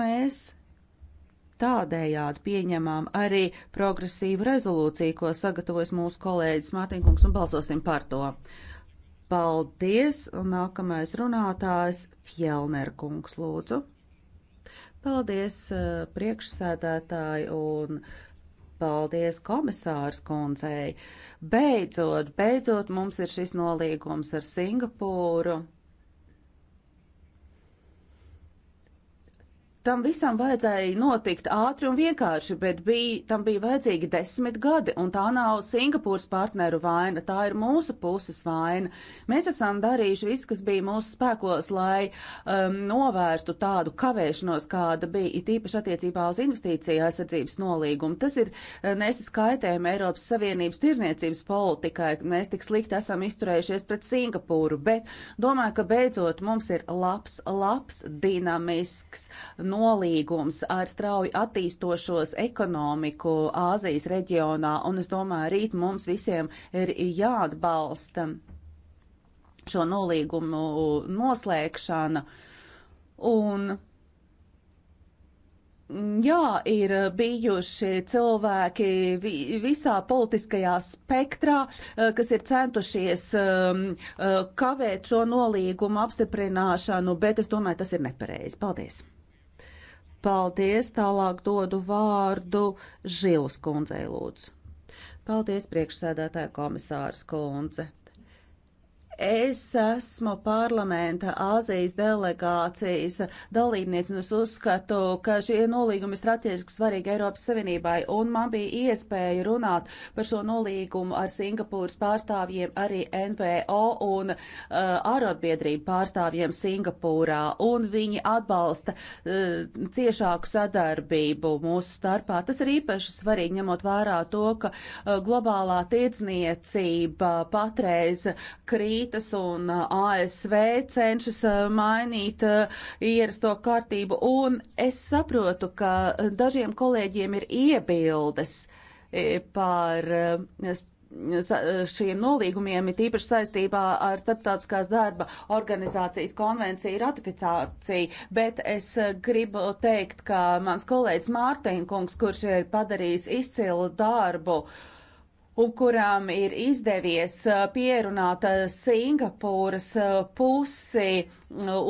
mēs tādējādi pieņemām arī progresīvu rezolūciju, ko sagatavojas mūsu kolēģis Mātiņkungs, un balsosim par to. Paldies, un nākamais runātājs Fjelnerkungs, lūdzu. Paldies, eh, priekšsēdētāji, un paldies komisārs kundzei. Beidzot, beidzot mums ir šis nolīgums ar Singapūru. Tam visam vajadzēja notikt ātri un vienkārši, bet bija, tam bija vajadzīgi desmit gadi, un tā nav Singapūras partneru vaina, tā ir mūsu puses vaina. Mēs esam darījuši visu, kas bija mūsu spēkos, lai um, novērstu tādu kavēšanos, kāda bija it īpaši attiecībā uz investīciju aizsardzības nolīgumu. Tas ir eh, nesaskaitējumi Eiropas Savienības tirzniecības politikai, mēs tik slikti esam izturējušies pret Singapūru, bet domāju, ka beidzot mums ir labs, labs, dinamisks, nolīgums ar strauji attīstošos ekonomiku Āzijas reģionā, un es domāju, rīt mums visiem ir jāatbalsta šo nolīgumu noslēgšana. Un Jā, ir bijuši cilvēki visā politiskajā spektrā, eh, kas ir centušies ehm, eh, kavēt šo nolīgumu apstiprināšanu, bet es domāju, tas ir nepareizi. Paldies! Paldies, tālāk dodu vārdu Žilas kundzei lūdzu. Paldies, priekšsēdētāja komisārs kundze. Es esmu parlamenta Āzijas delegācijas dalībniece, un es uzskatu, ka šie nolīgumi ir strateģiski svarīgi Eiropas Savienībai, un man bija iespēja runāt par šo nolīgumu ar Singapūras pārstāvjiem, arī NVO un uh, ārotbiedrību pārstāvjiem Singapūrā, un viņi atbalsta uh, ciešāku sadarbību mūsu starpā. Tas ir īpaši svarīgi, ņemot vērā to, ka uh, globālā tirdzniecība patreiz krīt muitas un uh, ASV cenšas uh, mainīt uh, ierasto kārtību, un es saprotu, ka dažiem kolēģiem ir iebildes e, par šiem nolīgumiem, ir tīpaši saistībā ar starptautiskās darba organizācijas konvenciju ratifikāciju, bet es gribu teikt, ka mans kolēģis Mārtiņkungs, kurš ir padarījis izcilu darbu, uh, un kurām ir izdevies uh, pierunāt uh, Singapūras uh, pusi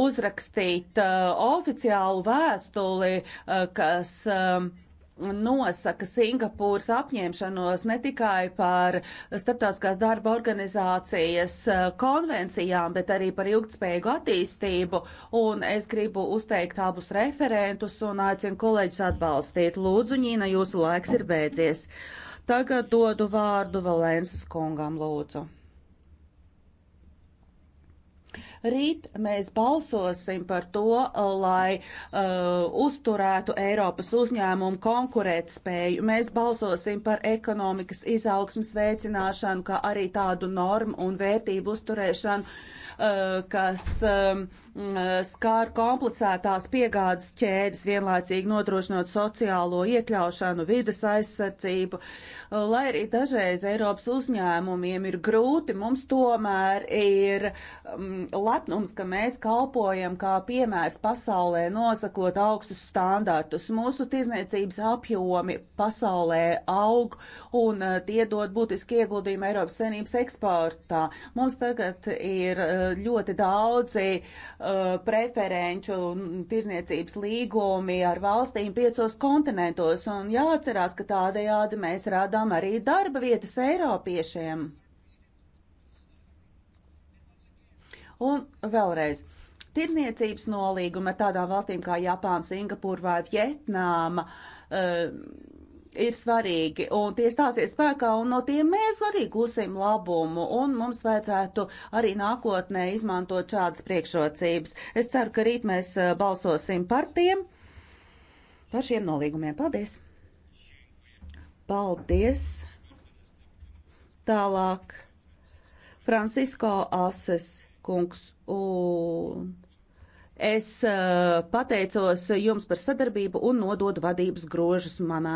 uzrakstīt oficiālu vēstuli, kas um, nosaka Singapūras apņemšanos ne tikai par starptautiskās darba organizācijas konvencijām, bet arī par ilgtspējīgu attīstību. Un es gribu uzteikt abus referentus un aicinu kolēģus atbalstīt. Lūdzu, Ņīna, jūsu laiks ir beidzies. Uh, Tagad dodu vārdu Valences kungam, lūdzu. Rīt mēs balsosim par to, lai uh, uzturētu Eiropas uzņēmumu konkurētspēju. Mēs balsosim par ekonomikas izaugsmas veicināšanu, kā arī tādu normu un vērtību uzturēšanu, Eh, kas eh, mm, skār komplicētās piegādes ķēdes, vienlaicīgi nodrošinot sociālo iekļaušanu, vidas aizsardzību. Eh, lai arī dažreiz Eiropas uzņēmumiem ir grūti, mums tomēr ir mm, lepnums, ka mēs kalpojam kā piemērs pasaulē, nosakot augstus standartus. Mūsu tirzniecības apjomi pasaulē aug un tie dod būtiski ieguldījumi Eiropas senības eksportā. Mums tagad ir ļoti daudzi uh, preferenču tirzniecības līgumi ar valstīm piecos kontinentos, un jāatcerās, ka tādējādi mēs radām arī darba vietas Eiropiešiem. Un vēlreiz. Tirzniecības nolīguma tādām valstīm kā Japāna, Singapūra vai Vietnāma uh, ir svarīgi, un tie stāsies spēkā, un no tiem mēs arī gūsim labumu, un mums vajadzētu arī nākotnē izmantot šādas priekšrocības. Es ceru, ka rīt mēs balsosim par tiem, par šiem nolīgumiem. Paldies! Paldies! Tālāk Francisko Ases kungs un Es eh, pateicos jums par sadarbību un nododu vadības grožus manā,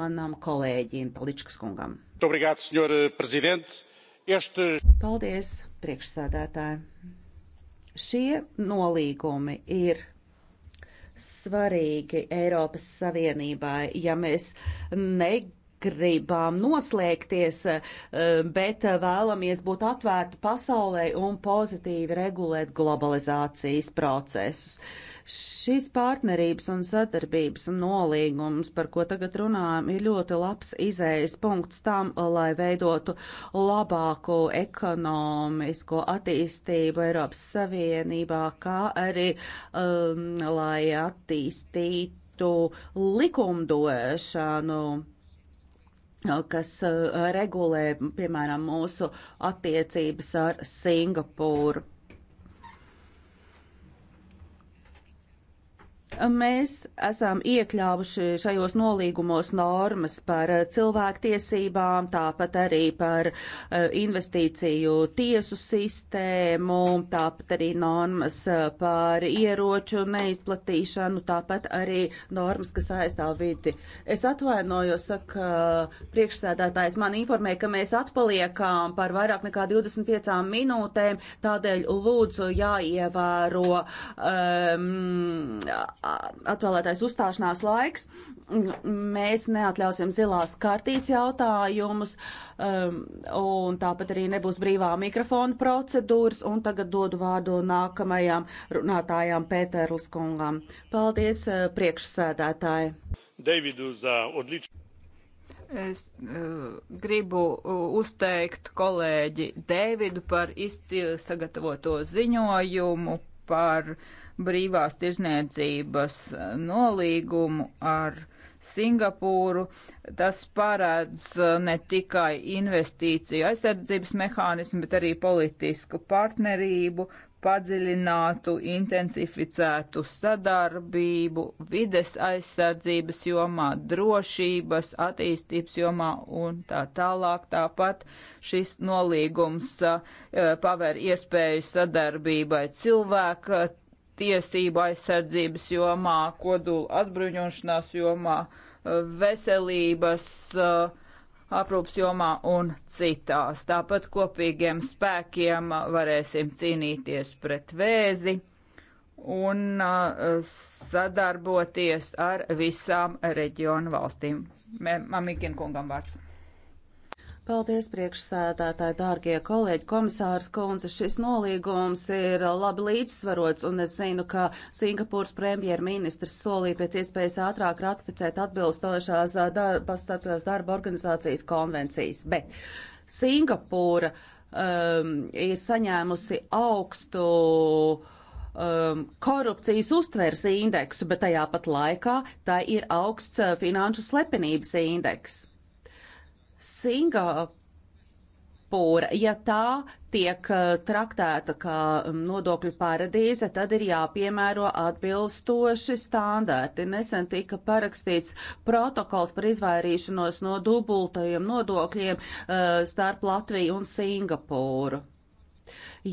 manām kolēģiem Taličkas kungam. Obrigāt, senjor eh, prezident. Este... Paldies, priekšsādātāji. Šie nolīgumi ir svarīgi Eiropas Savienībai, ja mēs ne, gribam noslēgties, eh, bet eh, vēlamies būt atvērti pasaulē un pozitīvi regulēt globalizācijas procesus. Šis partnerības un sadarbības nolīgums, par ko tagad runājam, ir ļoti labs izējas punkts tam, lai veidotu labāku ekonomisko attīstību Eiropas Savienībā, kā arī um, lai attīstītu likumdošanu kas eh, regulē, piemēram, mūsu attiecības ar Singapūru. Mēs esam iekļāvuši šajos nolīgumos normas par eh, cilvēktiesībām, tāpat arī par eh, investīciju tiesu sistēmu, tāpat arī normas eh, par ieroču neizplatīšanu, tāpat arī normas, kas aizstāv vidi. Es atvainojos, saka priekšsēdētājs, man informē, ka mēs atpaliekām par vairāk nekā 25 minūtēm, tādēļ lūdzu jāievēro. Um, atvēlētais uzstāšanās laiks. Mēs neatļausim zilās kartītes jautājumus, um, un tāpat arī nebūs brīvā mikrofona procedūras, un tagad dodu vārdu nākamajām runātājām Pēterlis kungam. Paldies, uh, priekšsēdētāji! Davidu za uh, odličnu. Es uh, gribu uh, uzteikt kolēģi Dēvidu par izcili sagatavoto ziņojumu par uh, brīvās tirzniecības eh, nolīgumu ar Singapūru. Tas paredz eh, ne tikai investīciju aizsardzības mehānismu, bet arī politisku partnerību, padziļinātu, intensificētu sadarbību vides aizsardzības jomā, drošības, attīstības jomā un tā tālāk. Tāpat šis nolīgums eh, paver iespēju sadarbībai cilvēka tiesību aizsardzības jomā, kodula atbruņošanās jomā, eh, veselības eh, aprūpas jomā un citās. Tāpat kopīgiem spēkiem eh, varēsim cīnīties pret vēzi un sadarboties ar visām reģionu valstīm. Mamikina kungam vārds. Paldies, priekšsēdētāji, dārgie kolēģi, komisārs Kunze. Šis nolīgums ir labi līdzsvarots, un es zinu, ka Singapūras premjerministrs solīja pēc iespējas ātrāk ratificēt atbilstošās darba, starptautiskās darba organizācijas konvencijas. Bet Singapūra um, ir saņēmusi augstu um, korupcijas uztveres indeksu, bet tajā pat laikā tā ir augsts uh, finanšu slepenības indeks. Singapūra, ja tā tiek uh, traktēta kā um, nodokļu paradīze, tad ir jāpiemēro atbilstoši standarti. Nesen tika parakstīts protokols par izvairīšanos no dubultajiem nodokļiem uh, starp Latviju un Singapūru.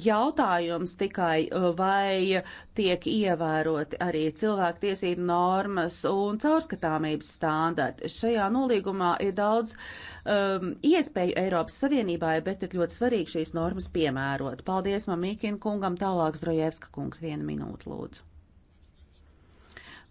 Jautājums tikai, uh, vai tiek ievēroti arī cilvēktiesību normas un caurskatāmības standarti. Šajā nolīgumā ir daudz um, iespēju Eiropas Savienībai, bet ir ļoti svarīgi šīs normas piemērot. Paldies Mamīkina kungam, tālāk Zdrojevska kungs, viena minūte lūdzu.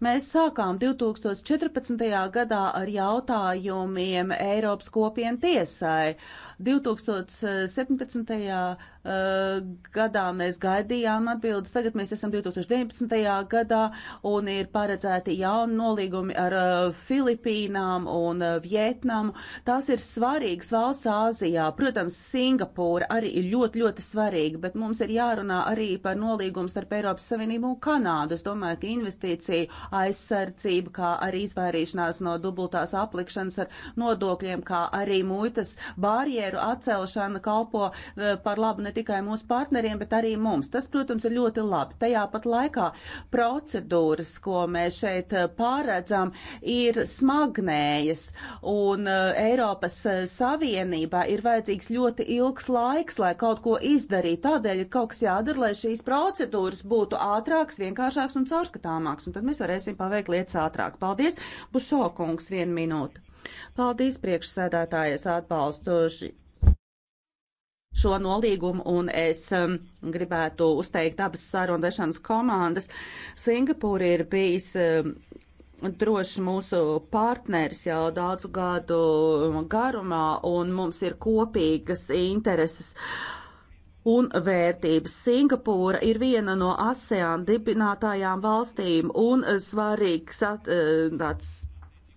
Mēs sākām 2014. gadā ar jautājumiem Eiropas kopienu tiesai. 2017. Eh, gadā mēs gaidījām atbildes, tagad mēs esam 2019. gadā un ir paredzēti jauni nolīgumi ar eh, Filipīnām un eh, Vietnamu. Tās ir svarīgas valsts Āzijā. Protams, Singapūra arī ir ļoti, ļoti svarīga, bet mums ir jārunā arī par nolīgumu starp Eiropas Savienību un Kanādu. Es domāju, ka investīcija aizsardzība, kā arī izvairīšanās no dubultās aplikšanas ar nodokļiem, kā arī muitas bārjē barjeru atcelšana kalpo e, par labu ne tikai mūsu partneriem, bet arī mums. Tas, protams, ir ļoti labi. Tajā pat laikā procedūras, ko mēs šeit e, pāredzam, ir smagnējas, un e, Eiropas Savienībā ir vajadzīgs ļoti ilgs laiks, lai kaut ko izdarītu. Tādēļ ir kaut kas jādara, lai šīs procedūras būtu ātrākas, vienkāršākas un caurskatāmākas, un tad mēs varēsim paveikt lietas ātrāk. Paldies, Bušo kungs, vienu minūtu. Paldies priekšsēdētājies atbalstoši šo nolīgumu, un es um, gribētu uzteikt abas sarunvešanas komandas. Singapūra ir bijis um, droši mūsu partneris jau daudzu gadu um, garumā, un mums ir kopīgas intereses. Un vērtības. Singapūra ir viena no ASEAN dibinātājām valstīm un svarīgs uh, tāds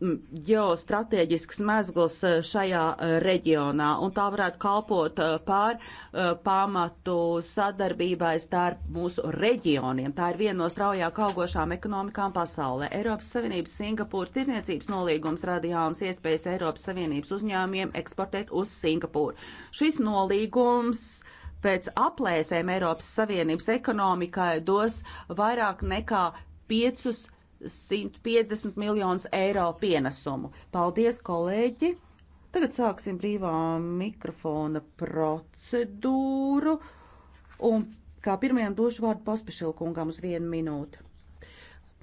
ģeostrateģisks mezgls e, šajā e, reģionā, un tā varētu kalpot e, pār pamatu sadarbībai starp mūsu reģioniem. Tā ir viena no straujāk augošām ekonomikām pasaulē. Eiropas Savienības Singapūra tirniecības nolīgums rada jaunas iespējas Eiropas Savienības uzņēmumiem eksportēt uz Singapūru. Šis nolīgums pēc aplēsēm Eiropas Savienības ekonomikai dos vairāk nekā 5 150 miljonus eiro pienesumu. Paldies, kolēģi! Tagad sāksim brīvā mikrofona procedūru. Un kā pirmajam došu vārdu pospešilkungam uz vienu minūtu.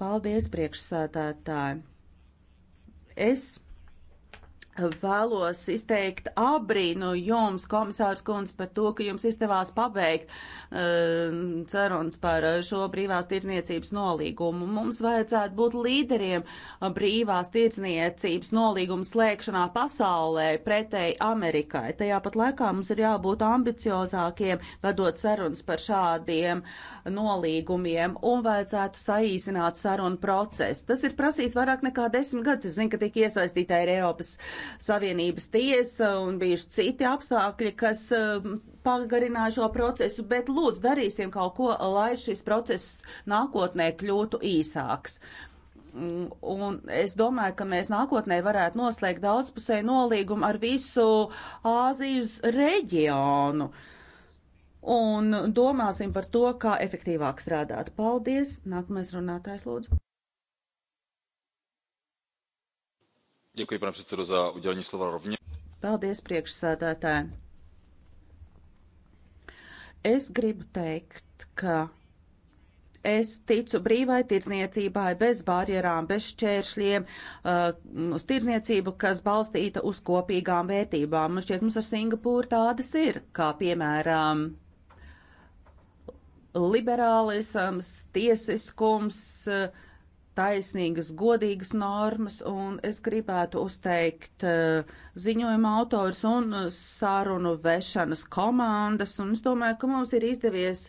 Paldies, priekšsētētāji! Es Vēlos izteikt abrīnu jums, komisārs Kunds, par to, ka jums izdevās pabeigt uh, ehm, cerunas par eh, šo brīvās tirdzniecības nolīgumu. Mums vajadzētu būt līderiem eh, brīvās tirdzniecības nolīgumu slēgšanā pasaulē pretēji Amerikai. Tajā pat laikā mums ir jābūt ambiciozākiem, vedot cerunas par šādiem nolīgumiem un vajadzētu saīsināt sarunu procesu. Tas ir prasījis vairāk nekā desmit gadus. Es zinu, ka tik iesaistīta ir Eiropas. Uh, Savienības tiesa un bijuši citi apstākļi, kas um, pagarināja šo procesu, bet lūdzu darīsim kaut ko, lai šis process nākotnē kļūtu īsāks. Mm, un es domāju, ka mēs nākotnē varētu noslēgt daudzpusēju nolīgumu ar visu Āzijas reģionu. Un domāsim par to, kā efektīvāk strādāt. Paldies! Nākamais runātājs lūdzu. pane předsedající paldies priekšsēdētājiem. Es gribu teikt, ka es ticu brīvai tirdzniecībai bez barjerām, bez šķēršļiem, uh, uz tirdzniecību, kas balstīta uz kopīgām vērtībām. Man šķiet, mums ar Singapūru tādas ir, kā piemēram liberālisms, tiesiskums, uh, taisnīgas, godīgas normas, un es gribētu uzteikt uh, ziņojuma autors un uh, sārunu vešanas komandas, un es domāju, ka mums ir izdevies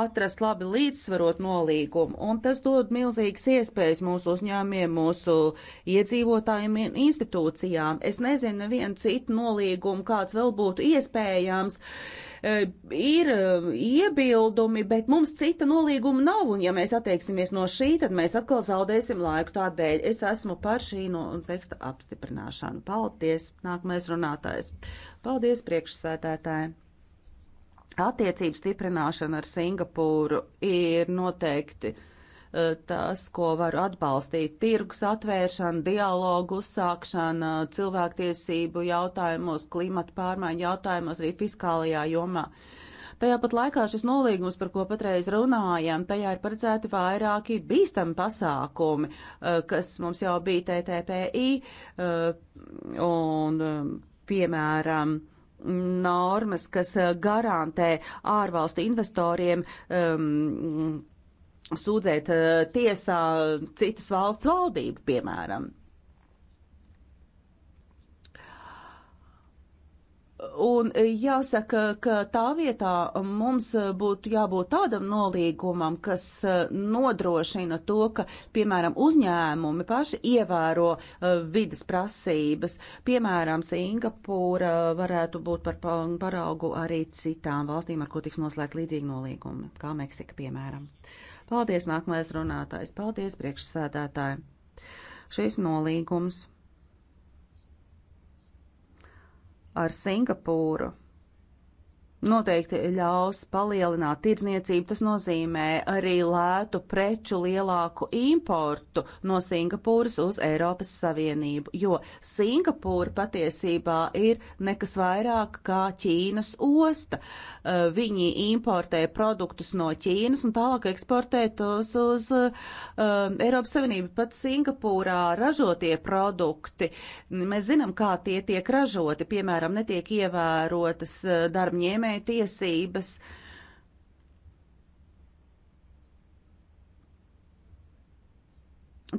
atrast labi līdzsvarot nolīgumu, un tas dod milzīgas iespējas mūsu uzņēmiem, mūsu iedzīvotājiem un institūcijām. Es nezinu nevienu citu nolīgumu, kāds vēl būtu iespējams e, ir um, iebildumi, bet mums cita nolīguma nav, un ja mēs attieksimies no šī, tad mēs atkal zaudēsim laiku tādēļ. Es esmu par šī no teksta apstiprināšanu. Paldies! Nākamais runātājs. Paldies, priekšsēdētāji! Attiecību stiprināšana ar Singapūru ir noteikti eh, tas, ko var atbalstīt. Tirgus atvēršana, dialogu uzsākšana, cilvēktiesību jautājumos, klimata pārmaiņu jautājumos, arī fiskālajā jomā. Uh, Tajā pat laikā šis nolīgums, par ko patreiz runājam, tajā ir paredzēti vairāki bīstami pasākumi, eh, kas mums jau bija TTPI eh, un, eh, piemēram, normas, kas garantē ārvalstu investoriem um, sūdzēt uh, tiesā citas valsts valdību, piemēram. Un jāsaka, ka tā vietā mums būtu jābūt tādam nolīgumam, kas e, nodrošina to, ka, piemēram, uzņēmumi paši ievēro uh, vidas prasības. Piemēram, Singapūra varētu būt par paraugu arī citām valstīm, ar ko tiks noslēgt līdzīgi nolīgumi, kā Meksika, piemēram. Paldies, nākamais runātājs. Paldies, priekšsēdētāji. Šis nolīgums ar Singapūru noteikti ļaus palielināt tirdzniecību. Tas nozīmē arī lētu preču lielāku importu no Singapūras uz Eiropas Savienību, jo Singapūra patiesībā ir nekas vairāk kā Ķīnas osta. Uh, Eh, viņi importē produktus no Ķīnas un tālāk eksportē tos uz uh, Eiropas Savienību. Pat Singapūrā ražotie produkti, mēs zinām, kā tie tiek ražoti, piemēram, netiek ievērotas eh, darbņēmēju tiesības. Uh,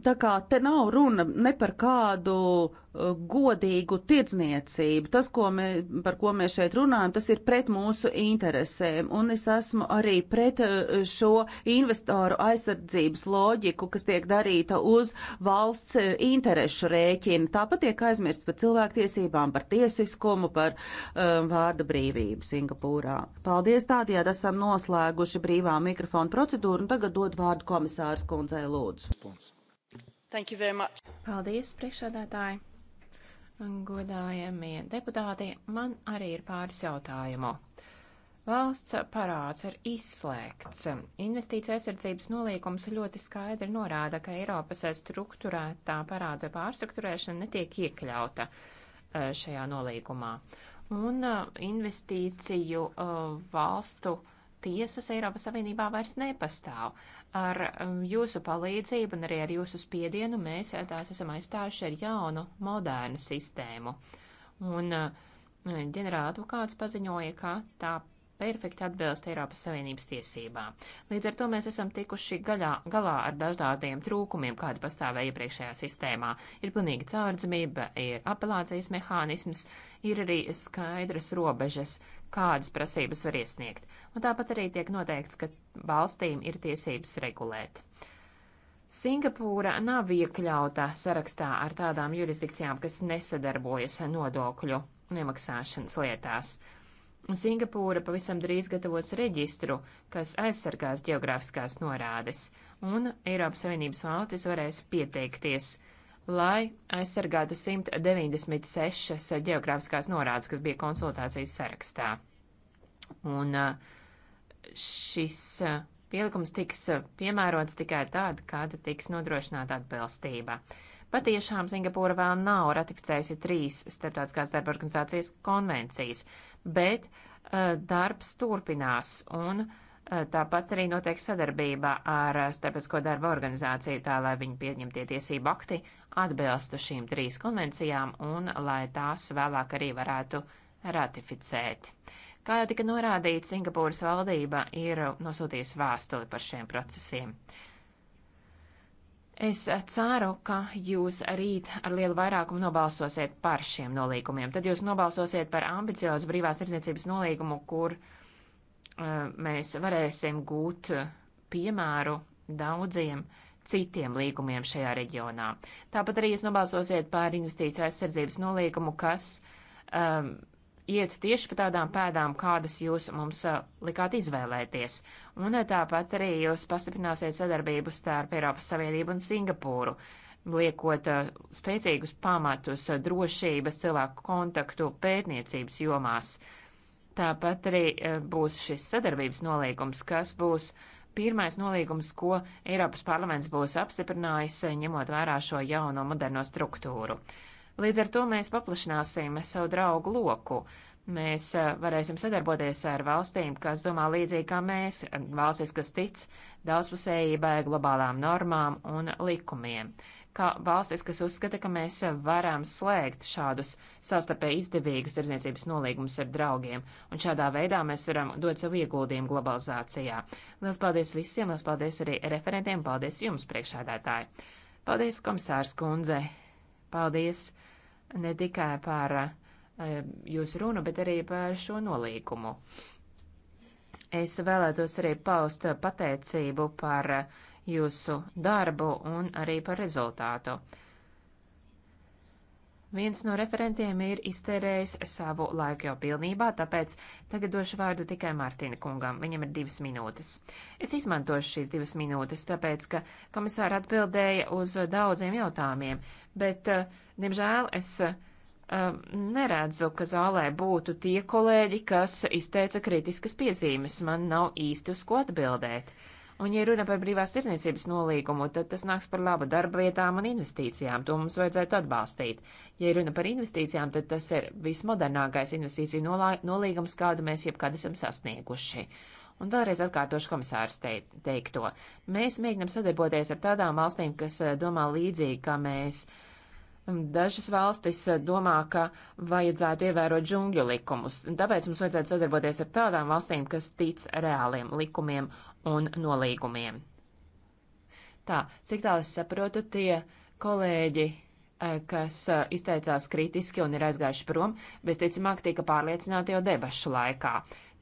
Tā kā te nav runa ne par kādu uh, godīgu tirdzniecību. Tas, ko mē, par ko mēs šeit runājam, tas ir pret mūsu interesēm. Un es esmu arī pret uh, šo investoru aizsardzības loģiku, kas tiek darīta uz valsts uh, interešu rēķina. Tāpat tiek aizmirsts par cilvēktiesībām, par tiesiskumu, par um, vārda brīvību Singapūrā. Paldies tādējādi esam noslēguši brīvā mikrofona procedūru un tagad dod vārdu komisārs kundzei Lūdzu. Spons. Paldies, priekšsādātāji! Godājamie deputāti, man arī ir pāris jautājumu. Valsts parāds ir izslēgts. Investīcija aizsardzības nolīgums ļoti skaidri norāda, ka Eiropas struktūrētā parāda pārstruktūrēšana netiek iekļauta e, šajā nolīgumā. Un e, investīciju e, valstu tiesas Eiropas Savienībā vairs nepastāv. Ar um, jūsu palīdzību un arī ar jūsu spiedienu mēs eh, tās esam aizstājuši ar jaunu, modernu sistēmu. Un eh, ģenerāla advokāts paziņoja, ka tā perfekti atbilst Eiropas Savienības tiesībām. Līdz ar to mēs esam tikuši gaļā, galā ar dažādiem trūkumiem, kāda pastāvēja iepriekšējā sistēmā. Ir pilnīga caurdzamība, ir apelācijas mehānisms, ir arī skaidras robežas uh, kādas prasības var iesniegt, un tāpat arī tiek noteikts, ka valstīm ir tiesības regulēt. Singapūra nav iekļauta sarakstā ar tādām jurisdikcijām, kas nesadarbojas nodokļu nemaksāšanas lietās. Singapūra pavisam drīz gatavos reģistru, kas aizsargās geogrāfiskās norādes, un Eiropas Savienības valstis varēs pieteikties lai aizsargātu 196 geogrāfiskās norādes, kas bija konsultācijas sarakstā. Un eh, šis eh, pielikums tiks eh, piemērots tikai tad, kad tiks nodrošināta atbilstība. Patiešām Singapūra vēl nav ratificējusi trīs starptautiskās darba organizācijas konvencijas, bet uh, darbs turpinās un uh, Tāpat arī notiek sadarbība ar Starptautisko darba organizāciju, tā lai viņi pieņemtie tiesību akti atbilstu šīm trīs konvencijām un lai tās vēlāk arī varētu ratificēt. Kā jau tika norādīts, Singapūras valdība ir nosūtījusi vēstuli par šiem procesiem. Es ceru, ka jūs rīt ar lielu vairākumu nobalsosiet par šiem nolīgumiem. Tad jūs nobalsosiet par ambiciozu brīvās tirdzniecības nolīgumu, kur uh, mēs varēsim gūt piemēru daudziem citiem līgumiem šajā reģionā. Tāpat arī jūs nobalsosiet par investīciju aizsardzības nolīgumu, kas um, iet tieši pa tādām pēdām, kādas jūs mums uh, likāt izvēlēties. Un uh, tāpat arī jūs pastiprināsiet sadarbību starp Eiropas Savienību un Singapūru, liekot uh, spēcīgus pamatus uh, drošības cilvēku kontaktu pētniecības jomās. Tāpat arī uh, būs šis sadarbības nolīgums, kas būs uh, pirmais nolīgums, ko Eiropas parlaments būs apstiprinājis, ņemot vērā šo jauno moderno struktūru. Līdz ar to mēs paplašināsim savu draugu loku. Mēs eh, varēsim sadarboties ar valstīm, kas domā līdzīgi kā mēs, valstis, kas tic daudzpusējībai, globālām normām un likumiem kā valstis, kas uzskata, ka mēs varam slēgt šādus savstarpēji izdevīgus tirdzniecības nolīgumus ar draugiem, un šādā veidā mēs varam dot savu ieguldījumu globalizācijā. Lielas paldies visiem, lielas paldies arī referentiem, paldies jums, priekšādātāji. Paldies, komisārs kundze, paldies ne tikai par uh, jūsu runu, bet arī par šo nolīgumu. Es vēlētos arī paust pateicību par uh, jūsu darbu un arī par rezultātu. Viens no referentiem ir iztērējis savu laiku jau pilnībā, tāpēc tagad došu vārdu tikai Mārtiņa kungam. Viņam ir divas minūtes. Es izmantošu šīs divas minūtes, tāpēc, ka komisāra atbildēja uz daudziem jautājumiem, bet, eh, diemžēl, es uh, neredzu, ka zālē būtu tie kolēģi, kas izteica kritiskas piezīmes. Man nav īsti uz ko atbildēt. Uh, Un, ja runa par brīvās tirzniecības nolīgumu, tad tas nāks par labu darba vietām un investīcijām. To mums vajadzētu atbalstīt. Ja runa par investīcijām, tad tas ir vismodernākais investīciju nolīgums, kādu mēs jebkad esam sasnieguši. Un vēlreiz atkārtošu komisārs te, teikto. Mēs mēģinam sadarboties ar tādām valstīm, kas eh, domā līdzīgi, kā mēs. Dažas valstis eh, domā, ka vajadzētu ievērot džungļu likumus, tāpēc mums vajadzētu sadarboties ar tādām valstīm, kas tic reāliem likumiem un nolīgumiem. Tā, cik tālu es saprotu, tie kolēģi, eh, kas eh, izteicās kritiski un ir aizgājuši prom, visticamāk tika pārliecināti jau debašu laikā.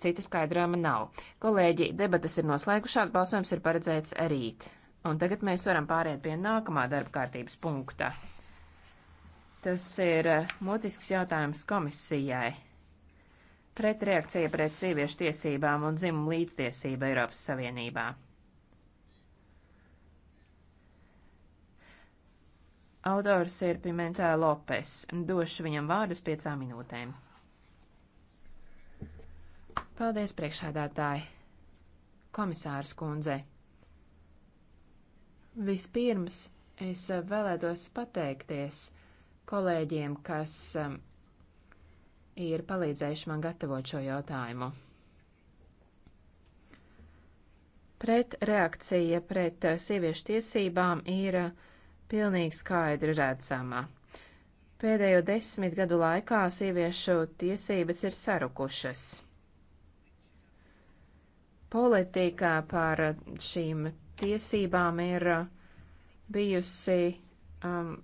Cita skaidrojuma nav. Kolēģi, debatas ir noslēgušās, balsojums ir paredzēts rīt. Un tagad mēs varam pāriet pie nākamā darba kārtības punkta. Tas ir eh, mutisks jautājums komisijai pretreakcija pret sieviešu tiesībām un dzimumu līdztiesību Eiropas Savienībā. Autors ir Pimentā Lopes. Došu viņam vārdus piecām minūtēm. Paldies, priekšādātāji. Komisārs kundze. Vispirms es vēlētos pateikties kolēģiem, kas um, ir palīdzējuši man gatavot šo jautājumu. Pret reakcija eh, pret sieviešu tiesībām ir eh, pilnīgi skaidri redzama. Pēdējo desmit gadu laikā sieviešu tiesības ir sarukušas. Politika par šīm tiesībām ir eh, bijusi um,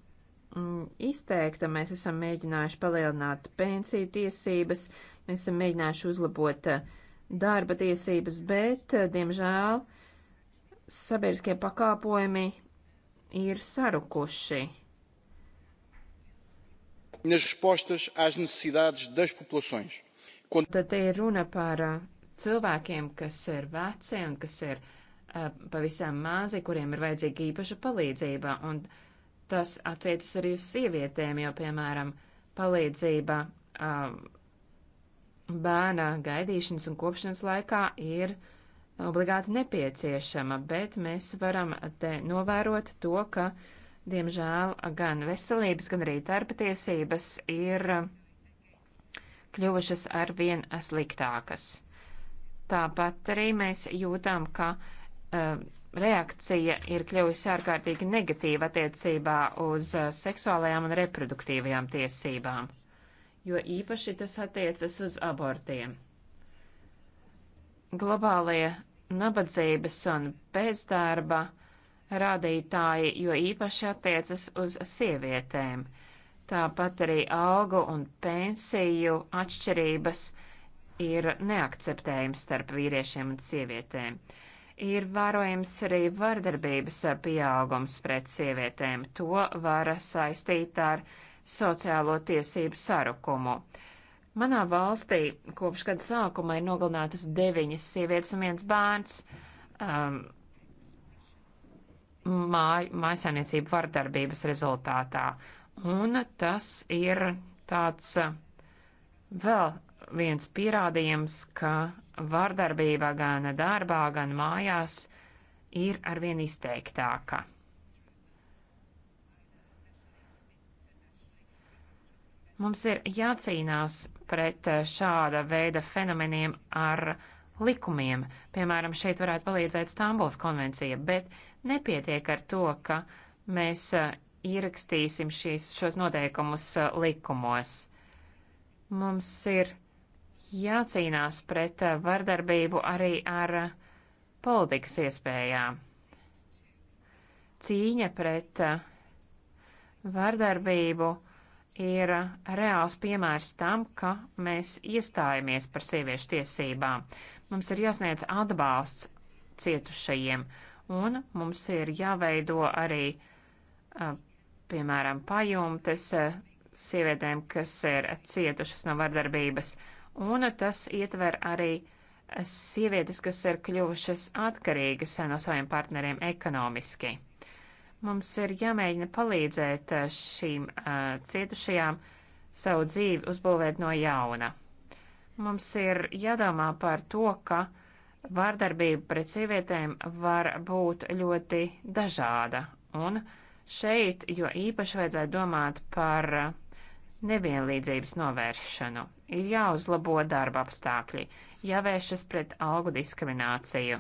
Mm, izteikta. Mēs esam mēģinājuši palielināt pensiju tiesības, mēs esam mēģinājuši uzlabot eh, darba tiesības, bet, eh, diemžēl, sabiedriskie pakāpojumi ir sarukuši. Nas respostas às necessidades das populações. Tad te ir runa par eh, cilvēkiem, kas ir veci un kas ir uh, pavisam mazi, kuriem ir vajadzīga īpaša palīdzība. Un, uh, Tas attiecas arī uz sievietēm, jo, piemēram, palīdzība um, bērna gaidīšanas un kopšanas laikā ir obligāti nepieciešama, bet mēs varam te novērot to, ka, diemžēl, gan veselības, gan arī tarpatiesības ir kļuvušas ar vien sliktākas. Tāpat arī mēs jūtām, ka uh, reakcija ir kļuvusi ārkārtīgi negatīva attiecībā uz uh, seksuālajām un reproduktīvajām tiesībām, jo īpaši tas attiecas uz abortiem. Globālie nabadzības un bezdarba rādītāji, jo īpaši attiecas uz sievietēm, tāpat arī algu un pensiju atšķirības ir neakceptējums starp vīriešiem un sievietēm ir vērojams arī vardarbības pieaugums pret sievietēm. To var saistīt ar sociālo tiesību sarukumu. Manā valstī kopš gada sākuma ir nogalinātas deviņas sievietes un viens bērns um, māj, mājasēmniecību vardarbības rezultātā. Un tas ir tāds uh, vēl viens pierādījums, ka vardarbība gan darbā, gan mājās ir arvien izteiktāka. Mums ir jācīnās pret šāda veida fenomeniem ar likumiem. Piemēram, šeit varētu palīdzēt Stambuls konvencija, bet nepietiek ar to, ka mēs uh, ierakstīsim šīs, šos noteikumus uh, likumos. Mums ir jācīnās pret eh, vardarbību arī ar politikas iespējām. Cīņa pret eh, vardarbību ir reāls piemērs tam, ka mēs iestājamies par sieviešu tiesībām. Mums ir jāsniedz atbalsts cietušajiem, un mums ir jāveido arī, eh, piemēram, pajumtes sievietēm, kas ir cietušas no vardarbības un tas ietver arī sievietes, kas ir kļuvušas atkarīgas no saviem partneriem ekonomiski. Mums ir jāmēģina palīdzēt eh, šīm uh, cietušajām savu dzīvi uzbūvēt no jauna. Mums ir jādomā par to, ka vārdarbība pret sievietēm var būt ļoti dažāda, un šeit jo īpaši vajadzētu domāt par uh, nevienlīdzības novēršanu, ir jāuzlabo darba apstākļi, jāvēršas pret algu diskrimināciju.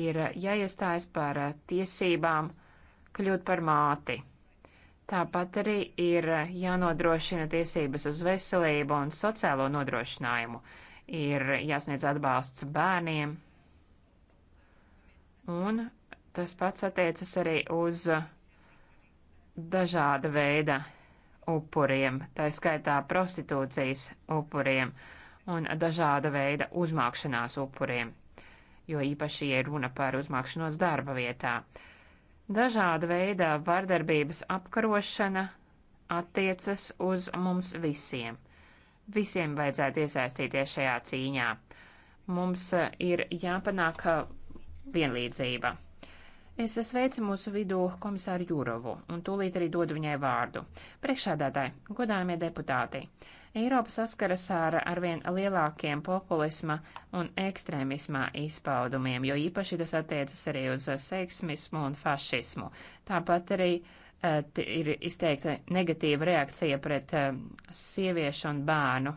Ir jāiestājas par tiesībām kļūt par māti. Tāpat arī ir jānodrošina tiesības uz veselību un sociālo nodrošinājumu, ir jāsniedz atbalsts bērniem, un tas pats attiecas arī uz uh, dažāda veida upuriem, tā skaitā prostitūcijas upuriem un dažāda veida uzmākšanās upuriem, jo īpaši, ja runa par uzmākšanos darba vietā. Dažāda veida vardarbības apkarošana attiecas uz mums visiem. Visiem vajadzētu iesaistīties šajā cīņā. Mums ir jāpanāk uh, vienlīdzība. Es sveicu mūsu vidū komisāru Jurovu un tūlīt arī dodu viņai vārdu. Priekšādātāji, godājumie deputāti, Eiropa saskaras ar arvien lielākiem populisma un ekstrēmismā izpaudumiem, jo īpaši tas attiecas arī uz seksmismu un fašismu. Tāpat arī uh, ir izteikta negatīva reakcija pret uh, sieviešu un bērnu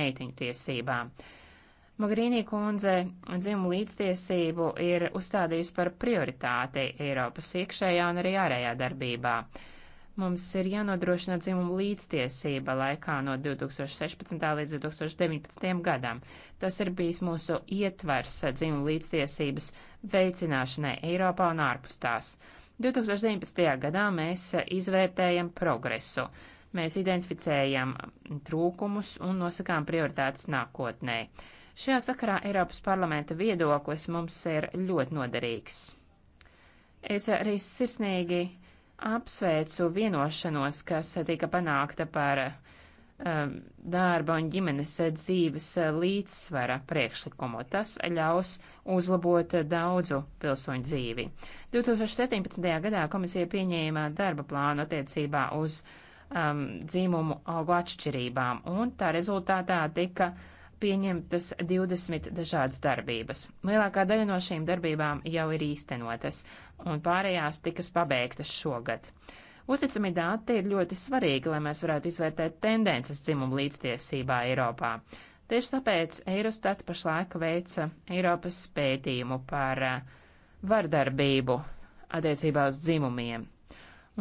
meitiņu tiesībām. Uh, Magrīnī kundze dzimumu līdztiesību ir uzstādījusi par prioritāti Eiropas iekšējā un arī ārējā darbībā. Mums ir jānodrošina dzimumu līdztiesība laikā no 2016. līdz 2019. gadam. Tas ir bijis mūsu ietvers dzimumu līdztiesības veicināšanai Eiropā un ārpus tās. 2019. gadā mēs izvērtējam progresu. Mēs identificējam trūkumus un nosakām prioritātes nākotnē. Šajā sakarā Eiropas parlamenta viedoklis mums ir ļoti noderīgs. Es arī sirsnīgi apsveicu vienošanos, kas tika panākta par um, darba un ģimenes dzīves līdzsvara priekšlikumu. Tas ļaus uzlabot daudzu pilsoņu dzīvi. 2017. gadā komisija pieņēma darba plānu attiecībā uz um, dzīmumu algu atšķirībām, un tā rezultātā tika uh, pieņemtas 20 dažādas darbības. Lielākā daļa no šīm darbībām jau ir īstenotas, un pārējās tikas pabeigtas šogad. Uzticami dati ir ļoti svarīgi, lai mēs varētu izvērtēt tendences dzimumu līdztiesībā Eiropā. Tieši tāpēc Eurostat pašlaik veica Eiropas pētījumu par eh, vardarbību attiecībā uz dzimumiem.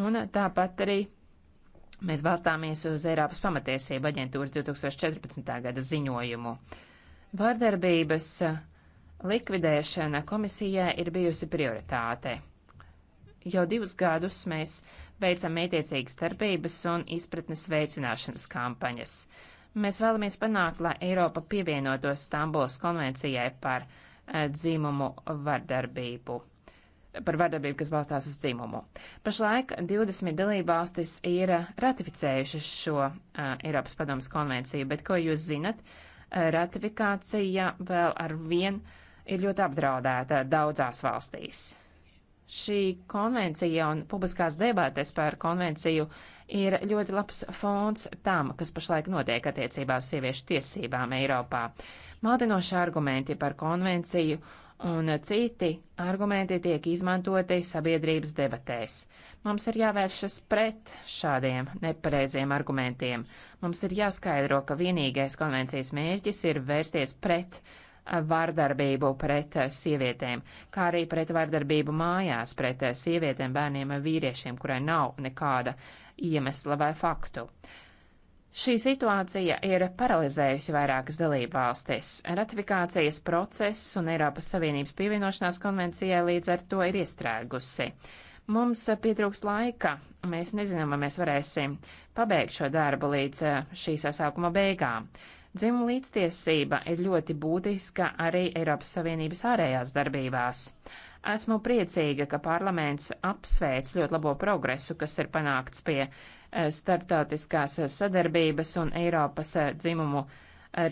Un tāpat arī Mēs balstāmies uz Eiropas pamatiesību aģentūras 2014. gada ziņojumu. Vārdarbības likvidēšana komisijai ir bijusi prioritāte. Jau divus gadus mēs veicam mētiecīgas darbības un izpratnes veicināšanas kampaņas. Mēs vēlamies panākt, lai Eiropa pievienotos Stambulas konvencijai par eh, dzimumu vardarbību par vardarbību, kas balstās uz dzimumu. Pašlaik 20 dalībvalstis ir ratificējušas šo uh, Eiropas padomas konvenciju, bet, ko jūs zinat, ratifikācija vēl ar vien ir ļoti apdraudēta daudzās valstīs. Šī konvencija un publiskās debātes par konvenciju ir ļoti labs fons tam, kas pašlaik notiek attiecībā uz sieviešu tiesībām Eiropā. Maldinoši argumenti par konvenciju un citi argumenti tiek izmantoti sabiedrības debatēs. Mums ir jāvēršas pret šādiem nepareiziem argumentiem. Mums ir jāskaidro, ka vienīgais konvencijas mērķis ir vērsties pret vardarbību pret sievietēm, kā arī pret vardarbību mājās pret sievietēm, bērniem vai vīriešiem, kurai nav nekāda iemesla vai faktu. Uh, Šī situācija ir paralizējusi vairākas dalību valstis. Ratifikācijas process un Eiropas Savienības pievienošanās konvencijai līdz ar to ir iestrēgusi. Mums pietrūks laika, mēs nezinām, vai mēs varēsim pabeigt šo darbu līdz eh, šī sasaukuma beigām. Dzimuma līdztiesība ir ļoti būtiska arī Eiropas Savienības ārējās darbībās. Esmu priecīga, ka parlaments apsveic ļoti labo progresu, kas ir panākts pie uh, starptautiskās sadarbības un Eiropas dzimumu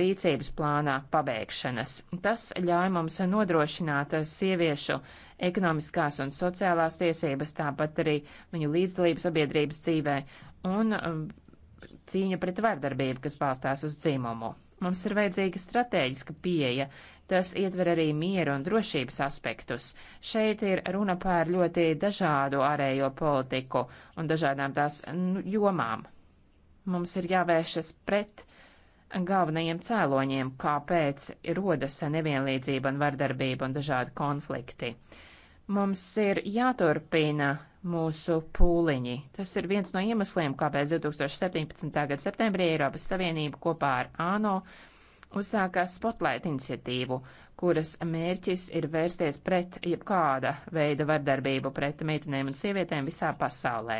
rīcības plānā pabeigšanas. Tas ļauj mums nodrošināt sieviešu ekonomiskās un sociālās tiesības, tāpat arī viņu līdzdalību sabiedrības dzīvē un um, cīņa pret vardarbību, kas balstās uz dzimumu. Mums ir vajadzīga strateģiska pieeja, Tas ietver arī mieru un drošības aspektus. Šeit ir runa par ļoti dažādu ārējo politiku un dažādām tās nu, jomām. Mums ir jāvēršas pret galvenajiem cēloņiem, kāpēc rodas nevienlīdzība un vardarbība un dažādi konflikti. Mums ir jāturpina mūsu pūliņi. Tas ir viens no iemesliem, kāpēc 2017. gada septembrī Eiropas Savienība kopā ar ANO uzsākās Spotlight iniciatīvu, kuras mērķis ir vērsties pret jebkāda veida vardarbību pret meitenēm un sievietēm visā pasaulē.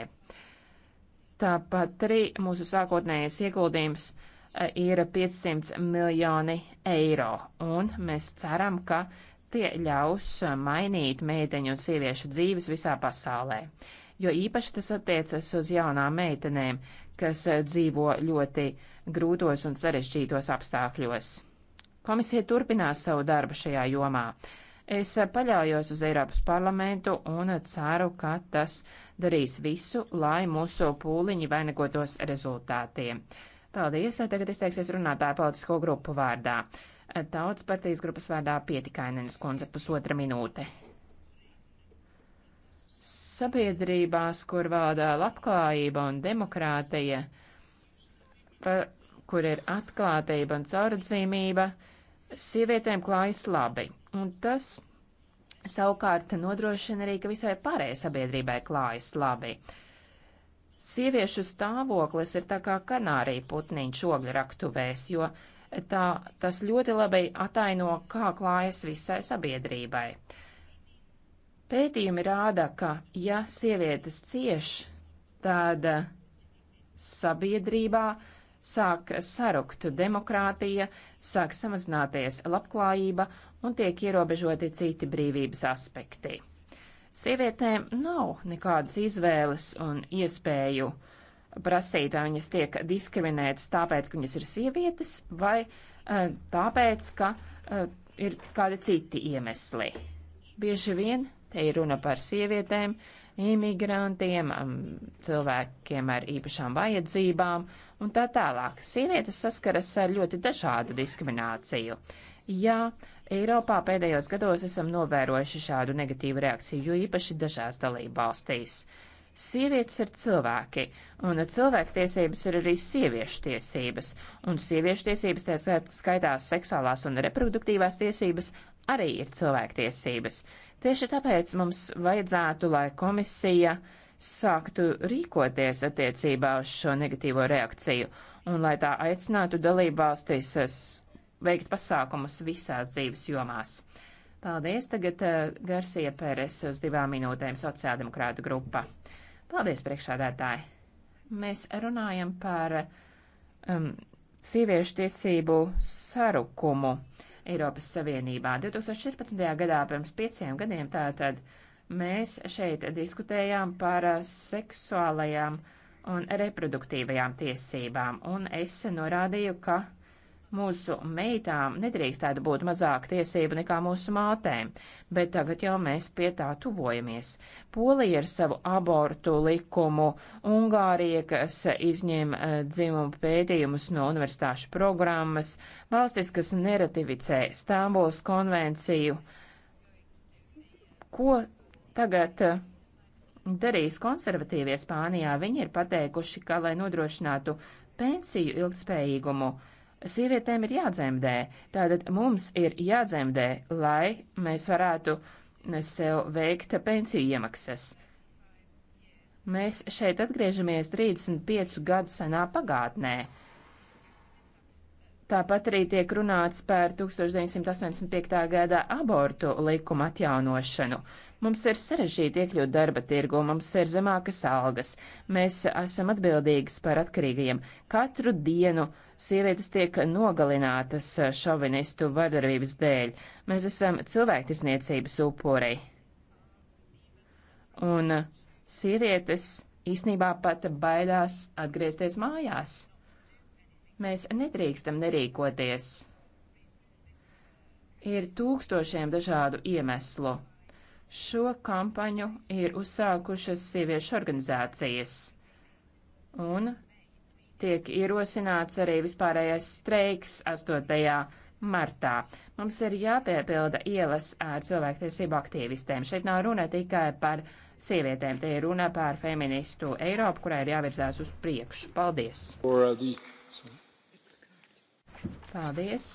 Tāpat arī mūsu sākotnējais ieguldījums eh, ir 500 miljoni eiro, un mēs ceram, ka tie ļaus mainīt meiteņu un sieviešu dzīves visā pasaulē jo īpaši tas attiecas uz jaunām meitenēm, kas eh, dzīvo ļoti grūtos un sarežģītos apstākļos. Komisija turpinās savu darbu šajā jomā. Es eh, paļaujos uz Eiropas parlamentu un eh, ceru, ka tas darīs visu, lai mūsu pūliņi vainagotos rezultātiem. Paldies! Tagad izteiksies runātāja politisko grupu vārdā. Tautas partijas grupas vārdā pietikainenes kundze pusotra minūte. Sabiedrībās, kur valda labklājība un demokrātija, par, kur ir atklātība un caurredzīmība, sievietēm klājas labi. Un tas savukārt nodrošina arī, ka visai pārējai sabiedrībai klājas labi. Sieviešu stāvoklis ir tā kā kanārija putniņš ogļu raktuvēs, jo tā, tas ļoti labi ataino, kā klājas visai sabiedrībai. Uh, Pētījumi rāda, ka ja sievietes cieš, tad eh, sabiedrībā sāk sarukt demokrātija, sāk samazināties labklājība un tiek ierobežoti citi brīvības aspekti. Sievietēm nav nekādas izvēles un iespēju prasīt, vai viņas tiek diskriminētas tāpēc, ka viņas ir sievietes, vai eh, tāpēc, ka eh, ir kādi citi iemesli. Bieži vien Te ir runa par sievietēm, imigrantiem, cilvēkiem ar īpašām vajadzībām un tā tālāk. Sievietes saskaras ar ļoti dažādu diskrimināciju. Jā, Eiropā pēdējos gados esam novērojuši šādu negatīvu reakciju, jo īpaši dažās dalību valstīs. Sievietes ir cilvēki, un cilvēktiesības ir arī sieviešu tiesības, un sieviešu tiesības, tā skaitās seksuālās un reproduktīvās tiesības, arī ir cilvēktiesības. Tieši tāpēc mums vajadzētu, lai komisija sāktu rīkoties attiecībā uz šo negatīvo reakciju un lai tā aicinātu dalībvalstis veikt pasākumus visās dzīves jomās. Paldies, tagad eh, Garsija Pēres uz divām minūtēm sociāldemokrāta grupa. Paldies, priekšādātāji! Mēs runājam par um, sieviešu tiesību sarukumu. Uh, Eiropas Savienībā. 2014. gadā, pirms pieciem gadiem tātad, mēs šeit diskutējām par eh, seksuālajām un reproduktīvajām tiesībām, un es norādīju, ka Mūsu meitām nedrīkstētu būt mazāk tiesību nekā mūsu mātēm, bet tagad jau mēs pie tā tuvojamies. Polija ar savu abortu likumu, Ungārija, kas izņem eh, dzimumu pētījumus no universitāšu programmas, valstis, kas neratificē Stambuls konvenciju. Ko tagad eh, darīs konservatīvie Spānijā. Viņi ir pateikuši, ka, lai nodrošinātu pensiju ilgspējīgumu, Sievietēm ir jādzemdē, tātad mums ir jādzemdē, lai mēs varētu sev veikt pensiju iemaksas. Mēs šeit atgriežamies 35 gadu senā pagātnē. Tāpat arī tiek runāts par 1985. gada abortu likuma atjaunošanu. Mums ir sarežģīti iekļūt darba tirgu, mums ir zemākas algas, mēs esam atbildīgas par atkarīgajiem. Katru dienu sievietes tiek nogalinātas šovinistu vardarbības dēļ. Mēs esam cilvēktiesniecības upurei. Un sievietes īsnībā pat baidās atgriezties mājās. Mēs nedrīkstam nerīkoties. Ir tūkstošiem dažādu iemeslu. Šo kampaņu ir uzsākušas sieviešu organizācijas. Un tiek ierosināts arī vispārējais streiks 8. martā. Mums ir jāpiepilda ielas ar cilvēktiesību aktīvistēm. Šeit nav runa tikai par sievietēm, te ir runa par feministu Eiropu, kurai ir jāvirzās uz priekšu. Paldies! Uh, the... Paldies.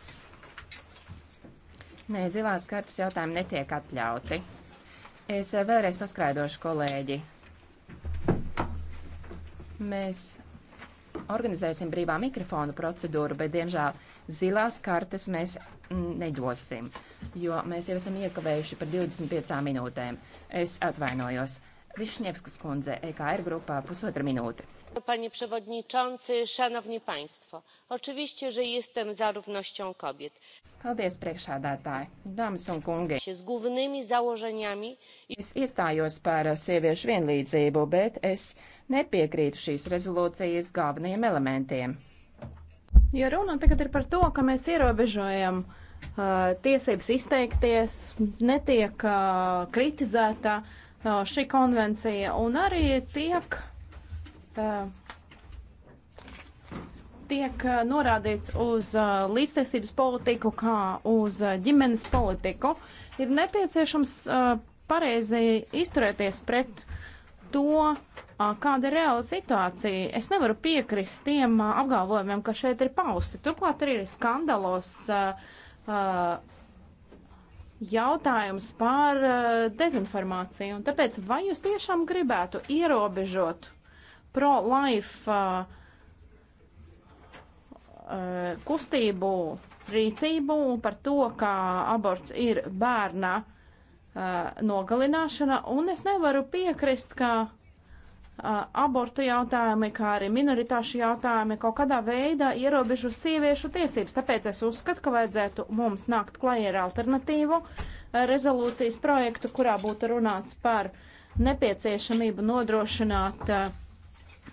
Nē, zilās kartas jautājumi netiek atļauti. Es eh, vēlreiz paskraidošu kolēģi. Mēs organizēsim brīvā mikrofonu procedūru, bet, diemžēl, zilās kartes mēs nedosim, jo mēs jau esam iekavējuši par 25 minūtēm. Es atvainojos. Višņevskas kundze, EKR grupā, pusotra minūte. Panie przewodniczący, szanowni państwo, oczywiście, że jestem za równością kobiet. Paldies, priekšādātāji, dāmas un kungi. Z głównymi założeniami. Es iestājos par sieviešu vienlīdzību, bet es nepiekrītu šīs rezolūcijas galvenajiem elementiem. Ja runa tagad ir par to, ka mēs ierobežojam uh, tiesības izteikties, netiek uh, kritizētā. Uh, šī konvencija un arī tiek, tiek norādīts uz līdztiesības politiku kā uz ģimenes politiku. Ir nepieciešams pareizi izturēties pret to, kāda ir reāla situācija. Es nevaru piekrist tiem apgalvojumiem, ka šeit ir pausti. Turklāt arī ir skandalos uh, uh, jautājums par uh, dezinformāciju. Un tāpēc, vai jūs tiešām gribētu ierobežot pro-life uh, uh, kustību rīcību par to, ka aborts ir bērna uh, nogalināšana, un es nevaru piekrist, ka abortu jautājumi, kā arī minoritāšu jautājumi kaut kādā veidā ierobežo sieviešu tiesības. Tāpēc es uzskatu, ka vajadzētu mums nākt klajā ar alternatīvu rezolūcijas projektu, kurā būtu runāts par nepieciešamību nodrošināt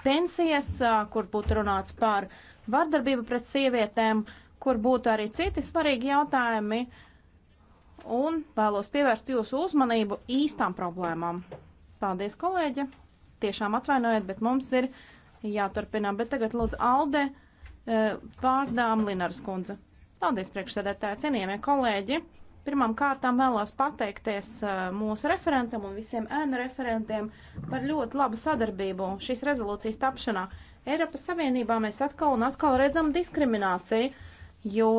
pensijas, kur būtu runāts par vardarbību pret sievietēm, kur būtu arī citi svarīgi jautājumi. Un vēlos pievērst jūsu uzmanību īstām problēmām. Paldies, kolēģi! tiešām atvainojiet, bet mums ir jāturpinām. Bet tagad lūdzu Alde eh, pārdām Linaras kundze. Paldies priekšsēdētāji, cienījamie kolēģi. Pirmām kārtām vēlos pateikties eh, mūsu referentam un visiem ēnu referentiem par ļoti labu sadarbību šīs rezolūcijas tapšanā. Eiropas Savienībā mēs atkal un atkal redzam diskrimināciju, jo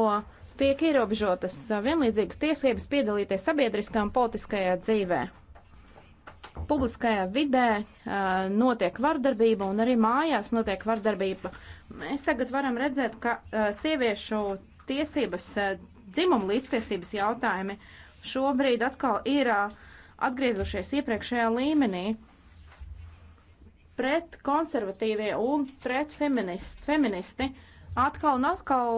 tiek ierobežotas vienlīdzīgas tiesības piedalīties sabiedriskā un politiskajā dzīvē publiskajā vidē uh, notiek vardarbība un arī mājās notiek vardarbība. Mēs tagad varam redzēt, ka uh, sieviešu tiesības, uh, dzimuma līdztiesības jautājumi šobrīd atkal ir uh, atgriezušies iepriekšējā līmenī pret konservatīvie un pret feminist, feministi atkal un atkal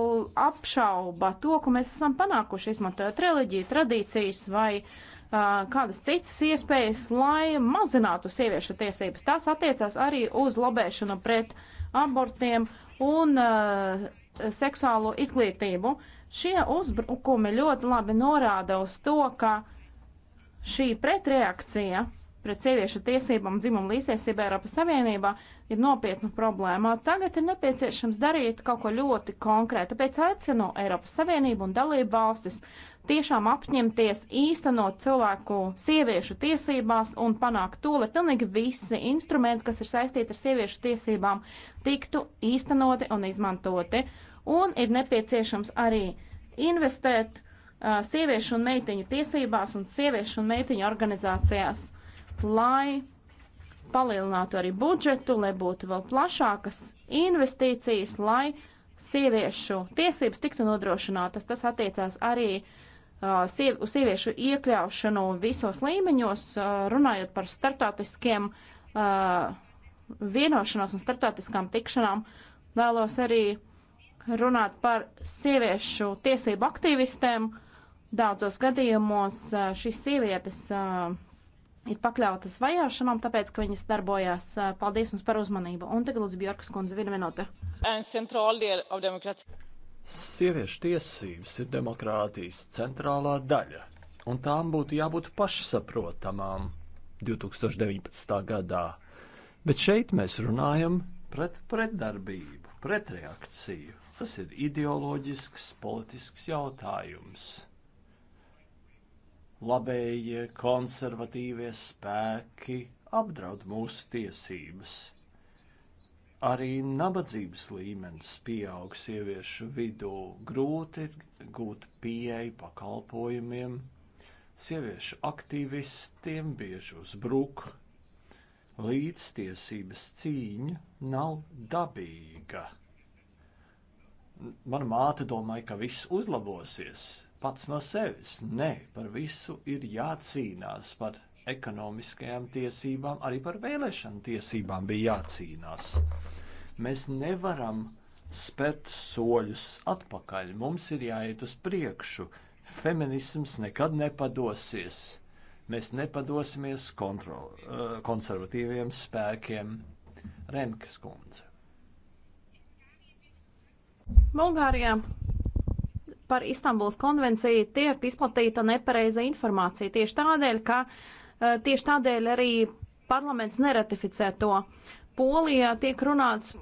apšauba to, ko mēs esam panākuši, izmantojot reliģiju, tradīcijas vai uh, kādas citas iespējas, lai mazinātu sieviešu tiesības. Tās attiecās arī uz lobēšanu pret abortiem un uh, seksuālo izglītību. Šie uzbrukumi ļoti labi norāda uz to, ka šī pretreakcija pret sieviešu tiesībām dzimumu līdztiesību Eiropas Savienībā ir nopietna problēma. Tagad ir nepieciešams darīt kaut ko ļoti konkrētu. Tāpēc aicinu Eiropas Savienību un dalību valstis tiešām apņemties īstenot cilvēku sieviešu tiesībās un panākt to, lai pilnīgi visi instrumenti, kas ir saistīti ar sieviešu tiesībām, tiktu īstenoti un izmantoti. Un ir nepieciešams arī investēt uh, sieviešu un meitiņu tiesībās un sieviešu un meitiņu organizācijās, lai palielinātu arī budžetu, lai būtu vēl plašākas investīcijas, lai sieviešu tiesības tiktu nodrošinātas. Tas attiecās arī uh, Uh, siev, uz sieviešu iekļaušanu visos līmeņos, uh, runājot par startautiskiem uh, vienošanos un startautiskām tikšanām, vēlos arī runāt par sieviešu tiesību aktīvistēm. Daudzos gadījumos šīs sievietes ir pakļautas vajāšanām, tāpēc, ka viņas darbojās. Paldies jums par uzmanību. Un tagad lūdzu Bjorkas kundze, viena minūte. Sieviešu tiesības ir demokrātijas centrālā daļa, un tām būtu jābūt pašsaprotamām 2019. gadā. Bet šeit mēs runājam pret pretdarbību, pretreakciju. Tas ir ideoloģisks, politisks jautājums labējie konservatīvie spēki apdraud mūsu tiesības. Arī nabadzības līmenis pieaug sieviešu vidū. Grūti ir gūt pieeju pakalpojumiem. Sieviešu aktīvistiem bieži uzbruk. Līdztiesības cīņa nav dabīga. Mana māte domāja, ka viss uzlabosies pats no sevis. Nē, par visu ir jācīnās, par ekonomiskajām tiesībām, arī par vēlēšanu tiesībām bija jācīnās. Mēs nevaram spērt soļus atpakaļ, mums ir jāiet uz priekšu. Feminisms nekad nepadosies. Mēs nepadosimies kontrol, eh, konservatīviem spēkiem. Remkes kundze. Bulgārijā par Istanbuls konvenciju tiek izplatīta nepareiza informācija tieši tādēļ, ka uh, Eh, tieši tādēļ arī parlaments neratificē to. Polijā tiek runāts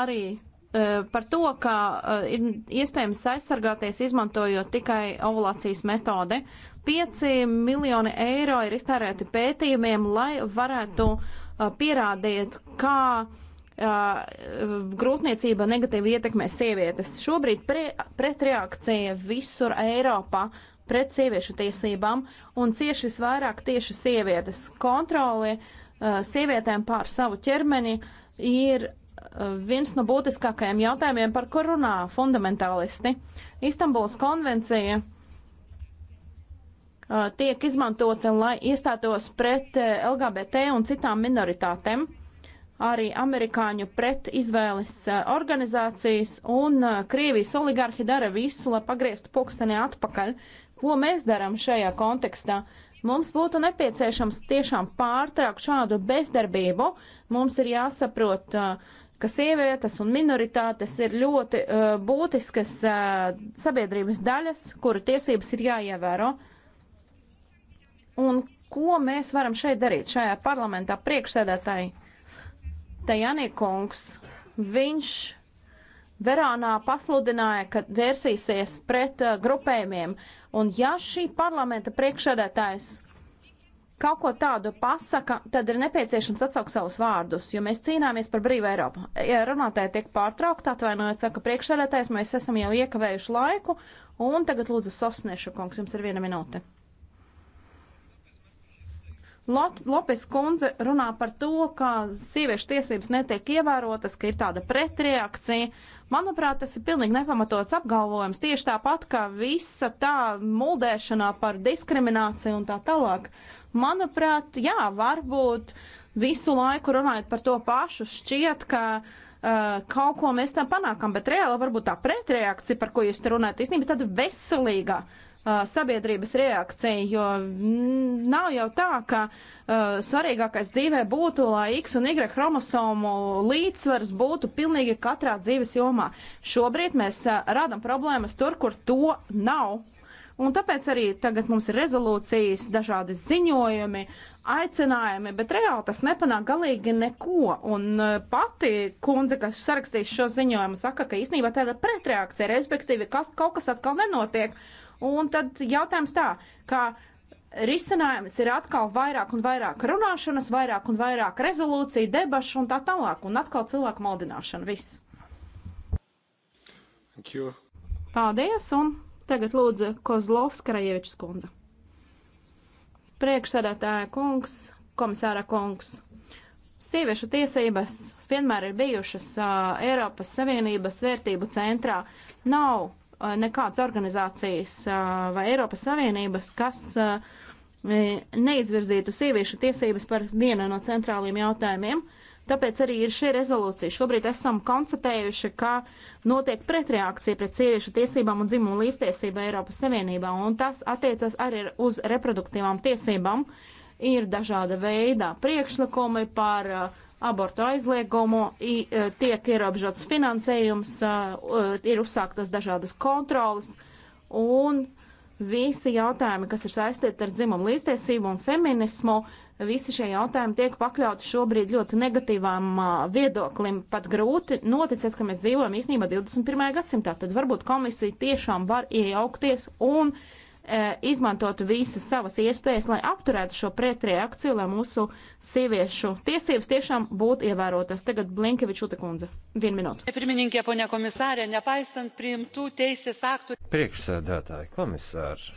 arī eh, par to, ka eh, ir iespējams aizsargāties izmantojot tikai ovulācijas metodi. 5 miljoni eiro ir iztērēti pētījumiem, lai varētu pierādīt, kā grūtniecība negatīvi ietekmē sievietes. Šobrīd pre, pretreakcija visur Eiropā pret sieviešu tiesībām un cieši visvairāk tieši sievietes. Kontroli eh, sievietēm pār savu ķermeni ir eh, viens no būtiskākajiem jautājumiem, par kur runā fundamentālisti. Istanbuls konvencija eh, tiek izmantota, lai iestātos pret LGBT un citām minoritātēm, arī amerikāņu pretizvēles organizācijas un Krievijas oligarhi dara visu, lai pagrieztu pulksteni atpakaļ. Ko mēs darām šajā kontekstā? Mums būtu nepieciešams tiešām pārtraukt šādu bezdarbību. Mums ir jāsaprot, uh, ka sievietes un minoritātes ir ļoti uh, būtiskas uh, sabiedrības daļas, kuru tiesības ir jāievēro. Un ko mēs varam šeit darīt šajā parlamentā priekšsēdētāji? Tajani kungs, viņš Verānā pasludināja, ka vērsīsies pret uh, grupējumiem. Uh, Un ja šī parlamenta priekšsēdētājs kaut ko tādu pasaka, tad ir nepieciešams atsaukt savus vārdus, jo mēs cīnāmies par brīvu Eiropu. Ja runātāja tiek pārtraukta, atvainojiet, saka priekšsēdētājs, mēs esam jau iekavējuši laiku, un tagad lūdzu Sosnieša kungs, jums ir viena minūte. Lopes kundze runā par to, ka sieviešu tiesības netiek ievērotas, ka ir tāda pretreakcija, Manuprāt, tas ir pilnīgi nepamatots apgalvojums, tieši tāpat kā visa tā muldēšanā par diskrimināciju un tā tālāk. Manuprāt, jā, varbūt visu laiku runājot par to pašu, šķiet, ka uh, kaut ko mēs tam panākam, bet reāli varbūt tā pretreakcija, par ko jūs runājat, īstenībā tāda veselīgā. Uh, Uh, sabiedrības reakcija, jo nav jau tā, ka uh, svarīgākais dzīvē būtu, lai X un Y chromosomu līdzsvars būtu pilnīgi katrā dzīves jomā. Šobrīd mēs uh, radam problēmas tur, kur to nav. Un tāpēc arī tagad mums ir rezolūcijas, dažādi ziņojumi, aicinājumi, bet reāli tas nepanāk galīgi neko. Un uh, pati kundze, kas sarakstīs šo ziņojumu, saka, ka īstenībā tā ir pretreakcija, respektīvi, kas, kaut kas atkal nenotiek. Uh, Un tad jautājums tā, kā risinājums ir atkal vairāk un vairāk runāšanas, vairāk un vairāk rezolūcija, debašu un tā tālāk, un atkal cilvēku maldināšana. Viss. Paldies, un tagad lūdzu Kozlovs Karajevičs kundze. Priekšsēdētāja kungs, komisāra kungs. Sieviešu tiesības vienmēr ir bijušas uh, Eiropas Savienības vērtību centrā. Nav Eh, nekādas organizācijas eh, vai Eiropas Savienības, kas eh, neizvirzītu sieviešu tiesības par vienu no centrāliem jautājumiem. Tāpēc arī ir šī rezolūcija. Šobrīd esam konstatējuši, ka notiek pretreakcija pret sieviešu tiesībām un dzimumu līdztiesību Eiropas Savienībā, un tas attiecas arī uz reproduktīvām tiesībām. Ir dažāda veida priekšlikumi par uh, abortu aizliegumu, e, tiek ierobežots finansējums, e, ir uzsāktas dažādas kontrolas un visi jautājumi, kas ir saistīti ar dzimumu līdztiesību un feminismu, visi šie jautājumi tiek pakļauti šobrīd ļoti negatīvām viedoklim. Pat grūti noticēt, ka mēs dzīvojam īstenībā 21. gadsimtā, tad varbūt komisija tiešām var iejaukties un uh, E, izmantotu visas savas iespējas, lai apturētu šo pretreakciju, lai mūsu sieviešu tiesības tiešām būtu ievērotas. Tagad Blinkeviča utekundze. Vienu minūtu. Pirmininkė, ponia komisārė, nepaisant priimtų teisės aktų. Priekšsēdētāji komisāri.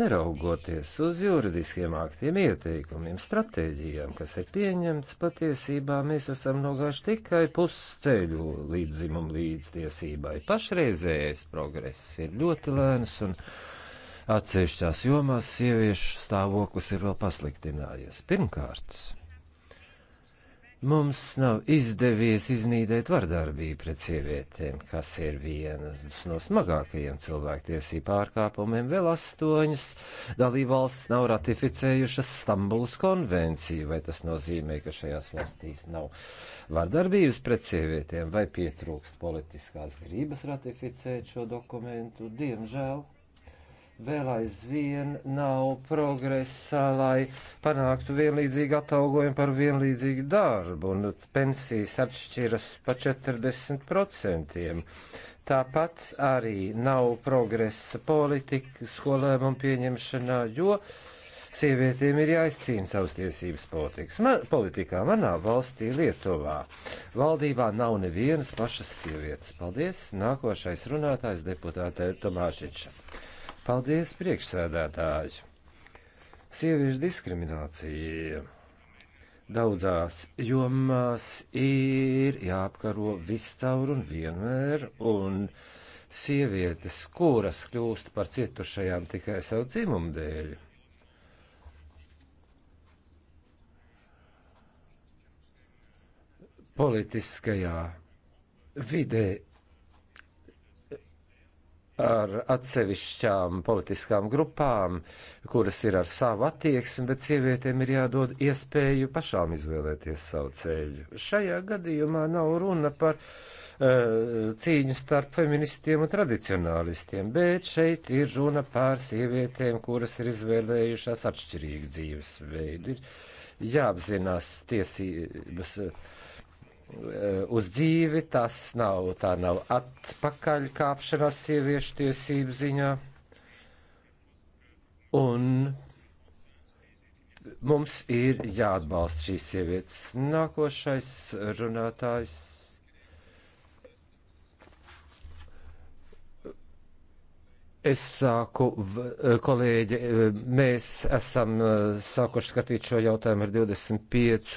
Neraugoties uz juridiskiem aktiem, ieteikumiem, stratēģijām, kas ir pieņemts, patiesībā mēs esam nogājuši tikai pusceļu līdz dzimumu līdztiesībai. Pašreizējais progress ir ļoti lēns un atsevišķās jomās sieviešu stāvoklis ir vēl pasliktinājies. Pirmkārt, mums nav izdevies iznīdēt vardarbību pret sievietēm, kas ir viens no smagākajiem cilvēktiesību pārkāpumiem. Vēl astoņas dalībvalstis nav ratificējušas Stambulas konvenciju, vai tas nozīmē, ka šajās valstīs nav vardarbības pret sievietēm, vai pietrūkst politiskās gribas ratificēt šo dokumentu, diemžēl vēl aizvien nav progresa, lai panāktu vienlīdzīgu atalgojumu par vienlīdzīgu darbu, un pensijas atšķiras pa 40%. Tāpat arī nav progresa politikas skolēmumu pieņemšanā, jo sievietēm ir jāizcīna savas tiesības politikas. Man, politikā manā valstī Lietuvā valdībā nav nevienas pašas sievietes. Paldies! Nākošais runātājs deputāte ir Tomāšiča. Paldies, priekšsēdētāji! Sieviešu diskriminācija daudzās jomās ir jāapkaro viscaur un vienmēr, un sievietes, kuras kļūst par cietušajām tikai savu dzimumu dēļ, politiskajā vidē ar atsevišķām politiskām grupām, kuras ir ar savu attieksmi, bet sievietēm ir jādod iespēju pašām izvēlēties savu ceļu. Šajā gadījumā nav runa par uh, cīņu starp feministiem un tradicionālistiem, bet šeit ir runa par sievietēm, kuras ir izvēlējušās atšķirīgu dzīves veidu. Ir jāapzinās tiesības. Uh, Eh, uz dzīvi, tas nav, tā nav atpakaļ kāpšanās sieviešu tiesību ziņā. Un mums ir jāatbalsta šīs sievietes. Nākošais runātājs Es sāku, eh, kolēģi, eh, mēs esam eh, sākuši skatīt šo jautājumu ar 25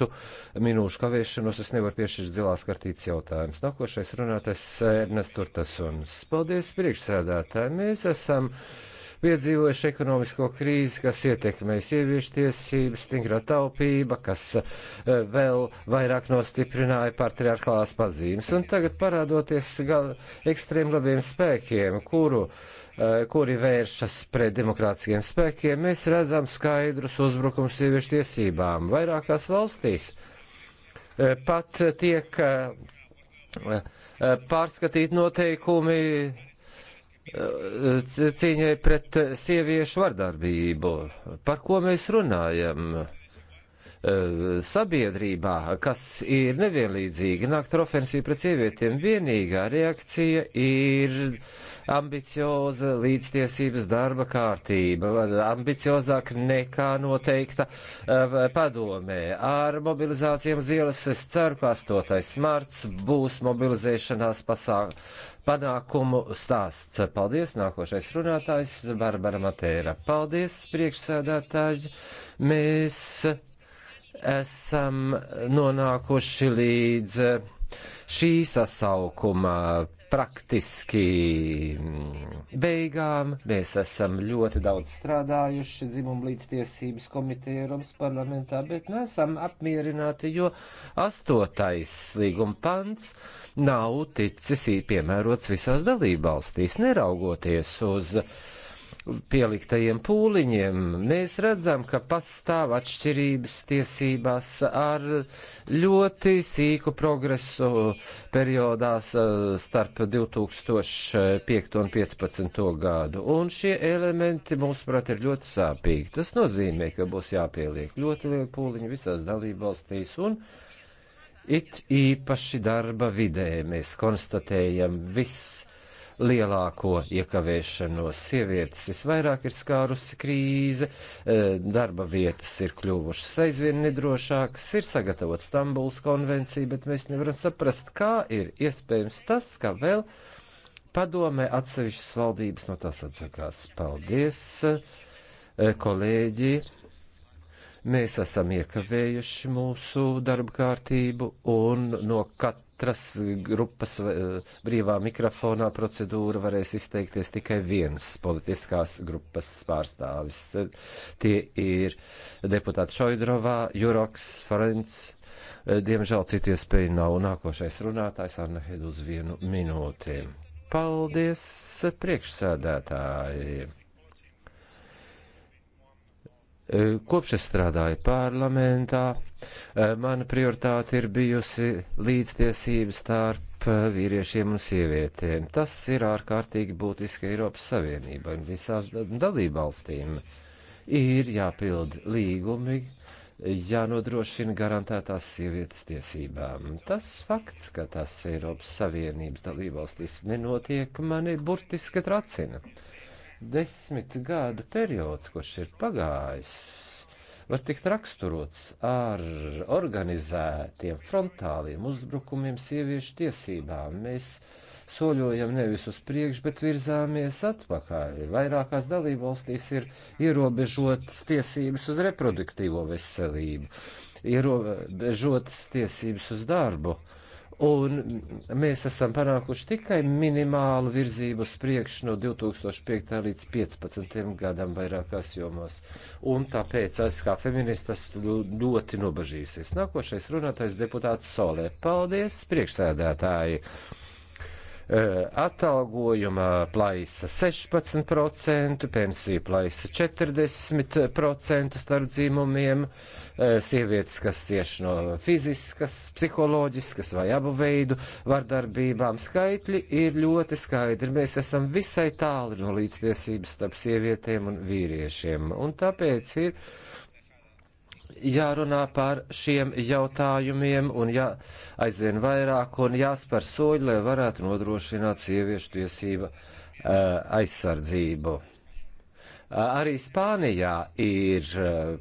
minūšu kavēšanos. Es nevaru piešķirt zilās kartītes jautājumus. Nākošais runātais Ernests Turtasons. Paldies, priekšsēdētāji. Mēs esam. Uh, piedzīvojuši ekonomisko krīzi, kas ietekmē sieviešu tiesības, stingra taupība, kas eh, vēl vairāk nostiprināja patriarchālās pazīmes. Un tagad parādoties ekstrēmlabiem spēkiem, kuru eh, kuri vēršas pret demokrātiskiem spēkiem, mēs redzam skaidrus uzbrukums sieviešu tiesībām. Vairākās valstīs eh, pat tiek pārskatīt noteikumi cīņai pret sieviešu vardarbību. Par ko mēs runājam? Eh, sabiedrībā, kas ir nevienlīdzīga, naktrofensīva pret sievietēm, vienīgā reakcija ir ambicioza līdztiesības darba kārtība, ambiciozāk nekā noteikta eh, padomē. Ar mobilizācijām zielas es ceru, ka 8. marts būs mobilizēšanās pasāk, panākumu stāsts. Paldies, nākošais runātājs Barbara Matēra. Paldies, priekšsēdētāji. Mēs esam nonākuši līdz šī sasaukuma praktiski beigām. Mēs esam ļoti daudz strādājuši dzimumu līdztiesības komiteja Eiropas parlamentā, bet nesam apmierināti, jo astotais līguma pants nav ticis piemērots visās dalībvalstīs, neraugoties uz uh, pieliktajiem pūliņiem, mēs redzam, ka pastāv atšķirības tiesībās ar ļoti sīku progresu periodās eh, starp 2005 un 2015 gadu. Un šie elementi, mūsuprāt, ir ļoti sāpīgi. Tas nozīmē, ka būs jāpieliek ļoti lieli pūliņi visās dalībvalstīs un It īpaši darba vidē mēs konstatējam viss lielāko iekavēšanos. Sievietes visvairāk ir skārusi krīze, e, darba vietas ir kļuvušas aizvien nedrošākas, ir sagatavot Stambuls konvenciju, bet mēs nevaram saprast, kā ir iespējams tas, ka vēl padomē atsevišķas valdības no tās atsakās. Paldies, e, kolēģi! Mēs esam iekavējuši mūsu darba kārtību un no katras grupas eh, brīvā mikrofonā procedūra varēs izteikties tikai viens politiskās grupas pārstāvis. Tie ir deputāti Šoidrovā, Juroks, Ferenc. Eh, Diemžēl citu iespēju nav. Nākošais runātājs Anna Hed uz vienu minūti. Paldies priekšsēdētāji! E, kopš es strādāju parlamentā, e, mana prioritāte ir bijusi līdztiesība starp e, vīriešiem un sievietēm. Tas ir ārkārtīgi būtiski Eiropas Savienībai un visās dalībvalstīm. Ir jāpild līgumi, jānodrošina garantētās sievietes tiesībām. Tas fakts, ka tas Eiropas Savienības dalībvalstīs nenotiek, mani burtiski tracina. Uh, Desmit gadu periods, kurš ir pagājis, var tikt raksturots ar organizētiem frontāliem uzbrukumiem sieviešu tiesībām. Mēs soļojam nevis uz priekšu, bet virzāmies atpakaļ. Vairākās dalībvalstīs ir ierobežotas tiesības uz reproduktīvo veselību, ierobežotas tiesības uz darbu. Uh, Un mēs esam panākuši tikai minimālu virzību uz priekšu no 2005. līdz 2015. gadam vairākās jomās. Un tāpēc es kā feministas ļoti nobažījusies. Nākošais runātais deputāts Solē. Paldies, priekšsēdētāji! Eh, atalgojuma plaisa 16%, pensiju plaisa 40% starp dzimumiem, eh, sievietes, kas cieš no fiziskas, psiholoģiskas vai abu veidu vardarbībām. Skaitļi ir ļoti skaidri. Mēs esam visai tālu no līdztiesības starp sievietēm un vīriešiem. Un tāpēc ir jārunā par šiem jautājumiem un jā, aizvien vairāk un jāspēr soļi, lai varētu nodrošināt sieviešu tiesību aizsardzību. Arī Spānijā ir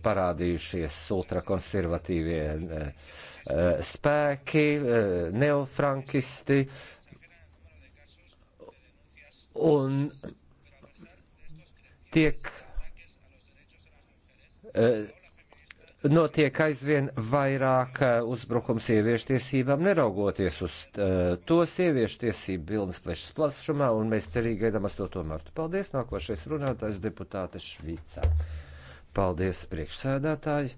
parādījušies ultrakonservatīvie spēki, neofrankisti, un tiek notiek aizvien vairāk eh, uzbrukums sieviešu tiesībām, neraugoties uz eh, to sieviešu tiesību bilnes plešas plašumā, un mēs cerīgi gaidām 8. martu. Paldies, nākošais runātājs deputāte Švicā. Paldies, priekšsēdētāji.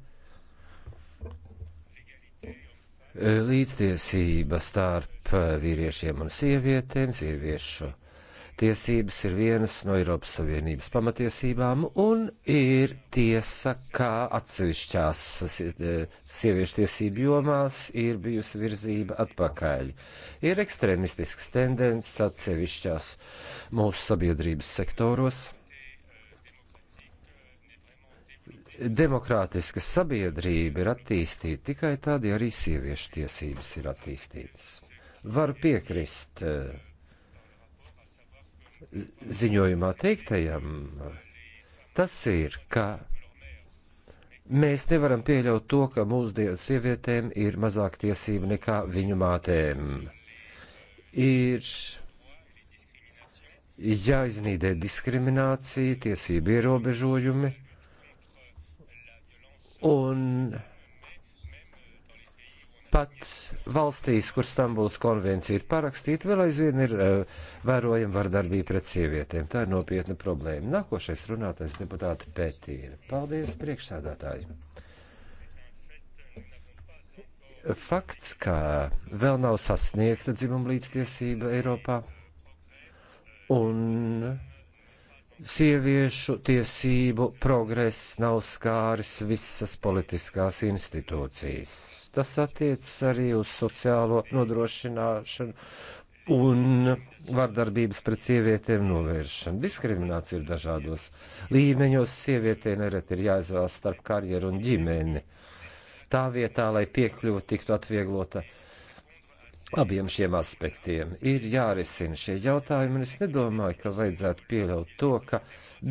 Eh, līdztiesība starp vīriešiem un sievietēm, sieviešu tiesības ir vienas no Eiropas Savienības pamatiesībām, un ir tiesa, kā atsevišķās eh, sieviešu tiesību jomās ir bijusi virzība atpakaļ. Ir ekstremistisks tendences atsevišķās mūsu sabiedrības sektoros. Demokrātiska sabiedrība ir attīstīta tikai tad, ja arī sieviešu tiesības ir attīstītas. Varu piekrist uh, ziņojumā teiktajam, tas ir, ka mēs nevaram pieļaut to, ka mūsdienu sievietēm ir mazāk tiesību nekā viņu mātēm. Ir jāiznīdē diskriminācija, tiesību ierobežojumi un Pat valstīs, kur Stambuls konvencija ir parakstīta, vēl aizvien ir uh, vērojama vardarbība pret sievietēm. Tā ir nopietna problēma. Nākošais runātais deputāte Pētīra. Paldies, priekšsādātāji! Fakts, ka vēl nav sasniegta dzimuma līdztiesība Eiropā un sieviešu tiesību progress nav skāris visas politiskās institūcijas Tas attiecas arī uz sociālo nodrošināšanu un vardarbības pret sievietēm novēršana. Diskriminācija ir dažādos līmeņos. Sievietē nereti ir jāizvēlas starp karjeru un ģimeni. Tā vietā, lai piekļuva tiktu atvieglota uh, abiem šiem aspektiem. Ir jārisina šie jautājumi, un es nedomāju, ka vajadzētu pieļaut to, ka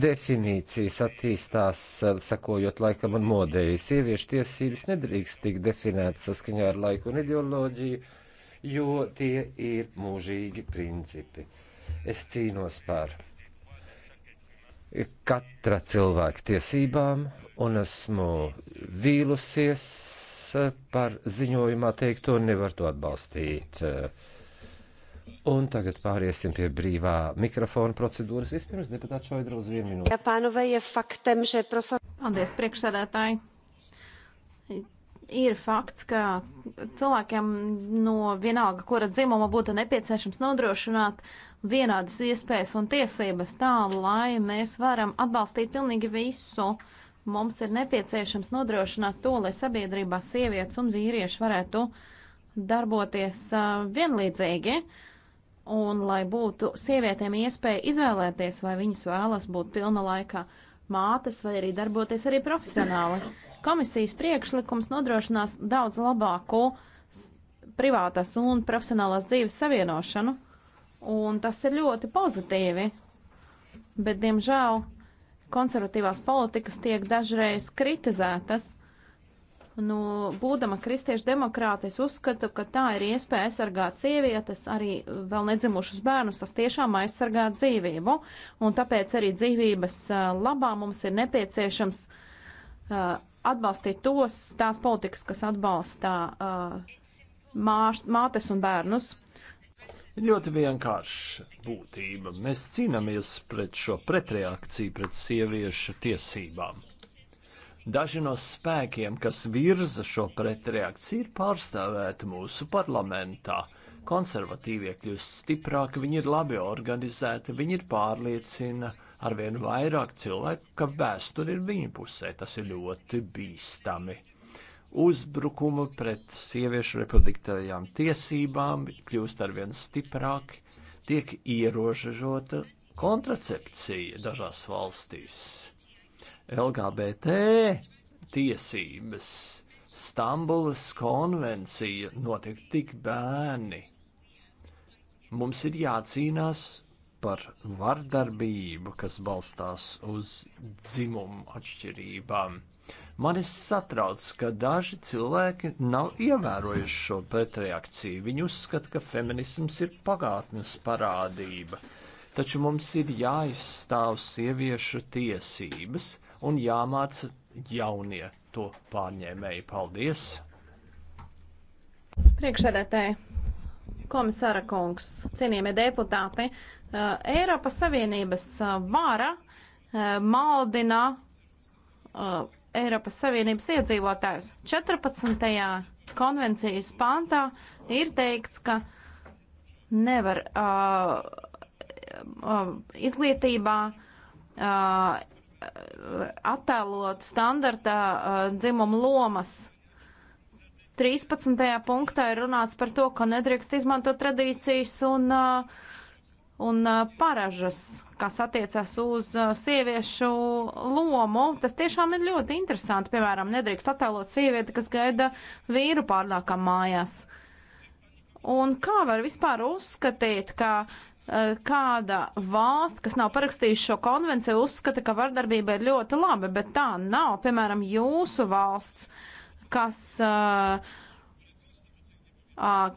definīcijas attīstās, eh, sakojot laikam un modēji. Sieviešu tiesības nedrīkst tik definētas saskaņā ar laiku un ideoloģiju, jo tie ir mūžīgi principi. Es cīnos par katra cilvēka tiesībām, un esmu vīlusies par ziņojumā teikto nevar to atbalstīt. Un tagad pāriesim pie brīvā mikrofona procedūras. Vispirms deputāts Šoidra uz vienu minūti. Jā, pānova, ja faktem, že prosa... Paldies, priekšsēdētāji ir fakts, ka cilvēkiem no vienalga, kura dzimuma būtu nepieciešams nodrošināt vienādas iespējas un tiesības tā, lai mēs varam atbalstīt pilnīgi visu uh, Mums ir nepieciešams nodrošināt to, lai sabiedrībā sievietes un vīrieši varētu darboties uh, vienlīdzīgi un lai būtu sievietēm iespēja izvēlēties, vai viņas vēlas būt pilna laika mātes vai arī darboties arī profesionāli. Komisijas priekšlikums nodrošinās daudz labāku privātās un profesionālās dzīves savienošanu, un tas ir ļoti pozitīvi. Bet, diemžēl, konservatīvās politikas tiek dažreiz kritizētas. Nu, būdama kristiešu demokrāta, es uzskatu, ka tā ir iespēja aizsargāt sievietes, arī vēl nedzimušus bērnus, tas tiešām aizsargā dzīvību. Un tāpēc arī dzīvības labā mums ir nepieciešams atbalstīt tos, tās politikas, kas atbalstā mātes un bērnus ir ļoti vienkārša būtība. Mēs cīnāmies pret šo pretreakciju pret sieviešu tiesībām. Daži no spēkiem, kas virza šo pretreakciju, ir pārstāvēti mūsu parlamentā. Konservatīvie kļūst stiprāki, viņi ir labi organizēti, viņi ir pārliecina arvien vairāk cilvēku, ka vēsture ir viņu pusē. Tas ir ļoti bīstami uzbrukumu pret sieviešu reproduktīvajām tiesībām kļūst arvien stiprāki, tiek ierobežota kontracepcija dažās valstīs. LGBT tiesības, Stambulas konvencija notiek tik bērni. Mums ir jācīnās par vardarbību, kas balstās uz dzimumu atšķirībām. Mani satrauc, ka daži cilvēki nav ievērojuši šo pretreakciju. Viņi uzskata, ka feminisms ir pagātnes parādība. Taču mums ir jāizstāv sieviešu tiesības un jāmāca jaunie to pārņēmēji. Paldies! Priekšsēdētāji, komisāra kungs, cienījamie deputāti, uh, Eiropas Savienības uh, vara uh, maldina Eiropas Savienības iedzīvotājus. 14. konvencijas pāntā ir teikts, ka nevar uh, uh, izglītībā uh, attēlot standarta uh, dzimumu lomas. 13. punktā ir runāts par to, ka nedrīkst izmantot tradīcijas un uh, un paražas, kas attiecas uz sieviešu lomu. Tas tiešām ir ļoti interesanti. Piemēram, nedrīkst attēlot sievieti, kas gaida vīru pārnākam mājās. Un kā var vispār uzskatīt, ka kāda valsts, kas nav parakstījusi šo konvenciju, uzskata, ka vardarbība ir ļoti laba, bet tā nav. Piemēram, jūsu valsts, kas uh,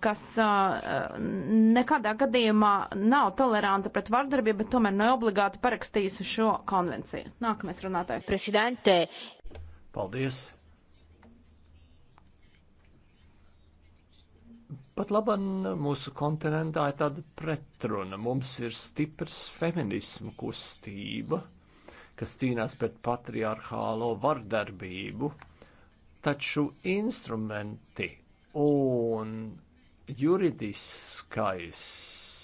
kas nekādā gadījumā nav toleranta pret vardarbību, bet tomēr neobligāti parakstījusi šo konvenciju. Nākamais runātājs. Prezidente. Paldies. Pat labam mūsu kontinentā ir tāda pretruna. Mums ir stiprs feminismu kustība, kas cīnās pret patriarchālo vardarbību, taču instrumenti un juridiskais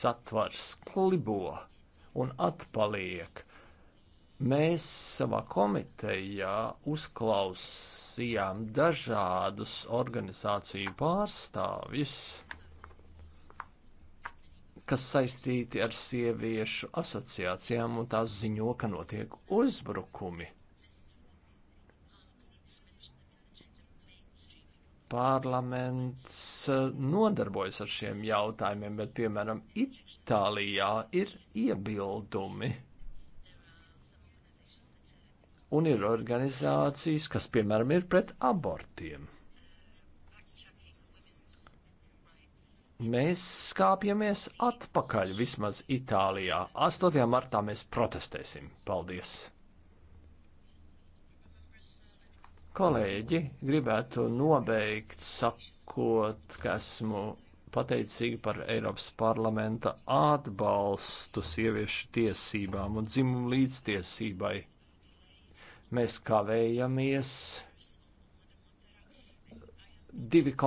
satvars klibo un atpaliek. Mēs savā komitejā uzklausījām dažādus organizāciju pārstāvjus, kas saistīti ar sieviešu asociācijām, un tās ziņo, ka notiek uzbrukumi. parlaments eh, nodarbojas ar šiem jautājumiem, bet, piemēram, Itālijā ir iebildumi. Un ir organizācijas, kas, piemēram, ir pret abortiem. Mēs skāpjamies atpakaļ, vismaz Itālijā. 8. martā mēs protestēsim. Paldies! Kolēģi, gribētu nobeigt sakot, ka esmu pateicīgi par Eiropas parlamenta atbalstu sieviešu tiesībām un dzimumu līdztiesībai. Mēs kavējamies divi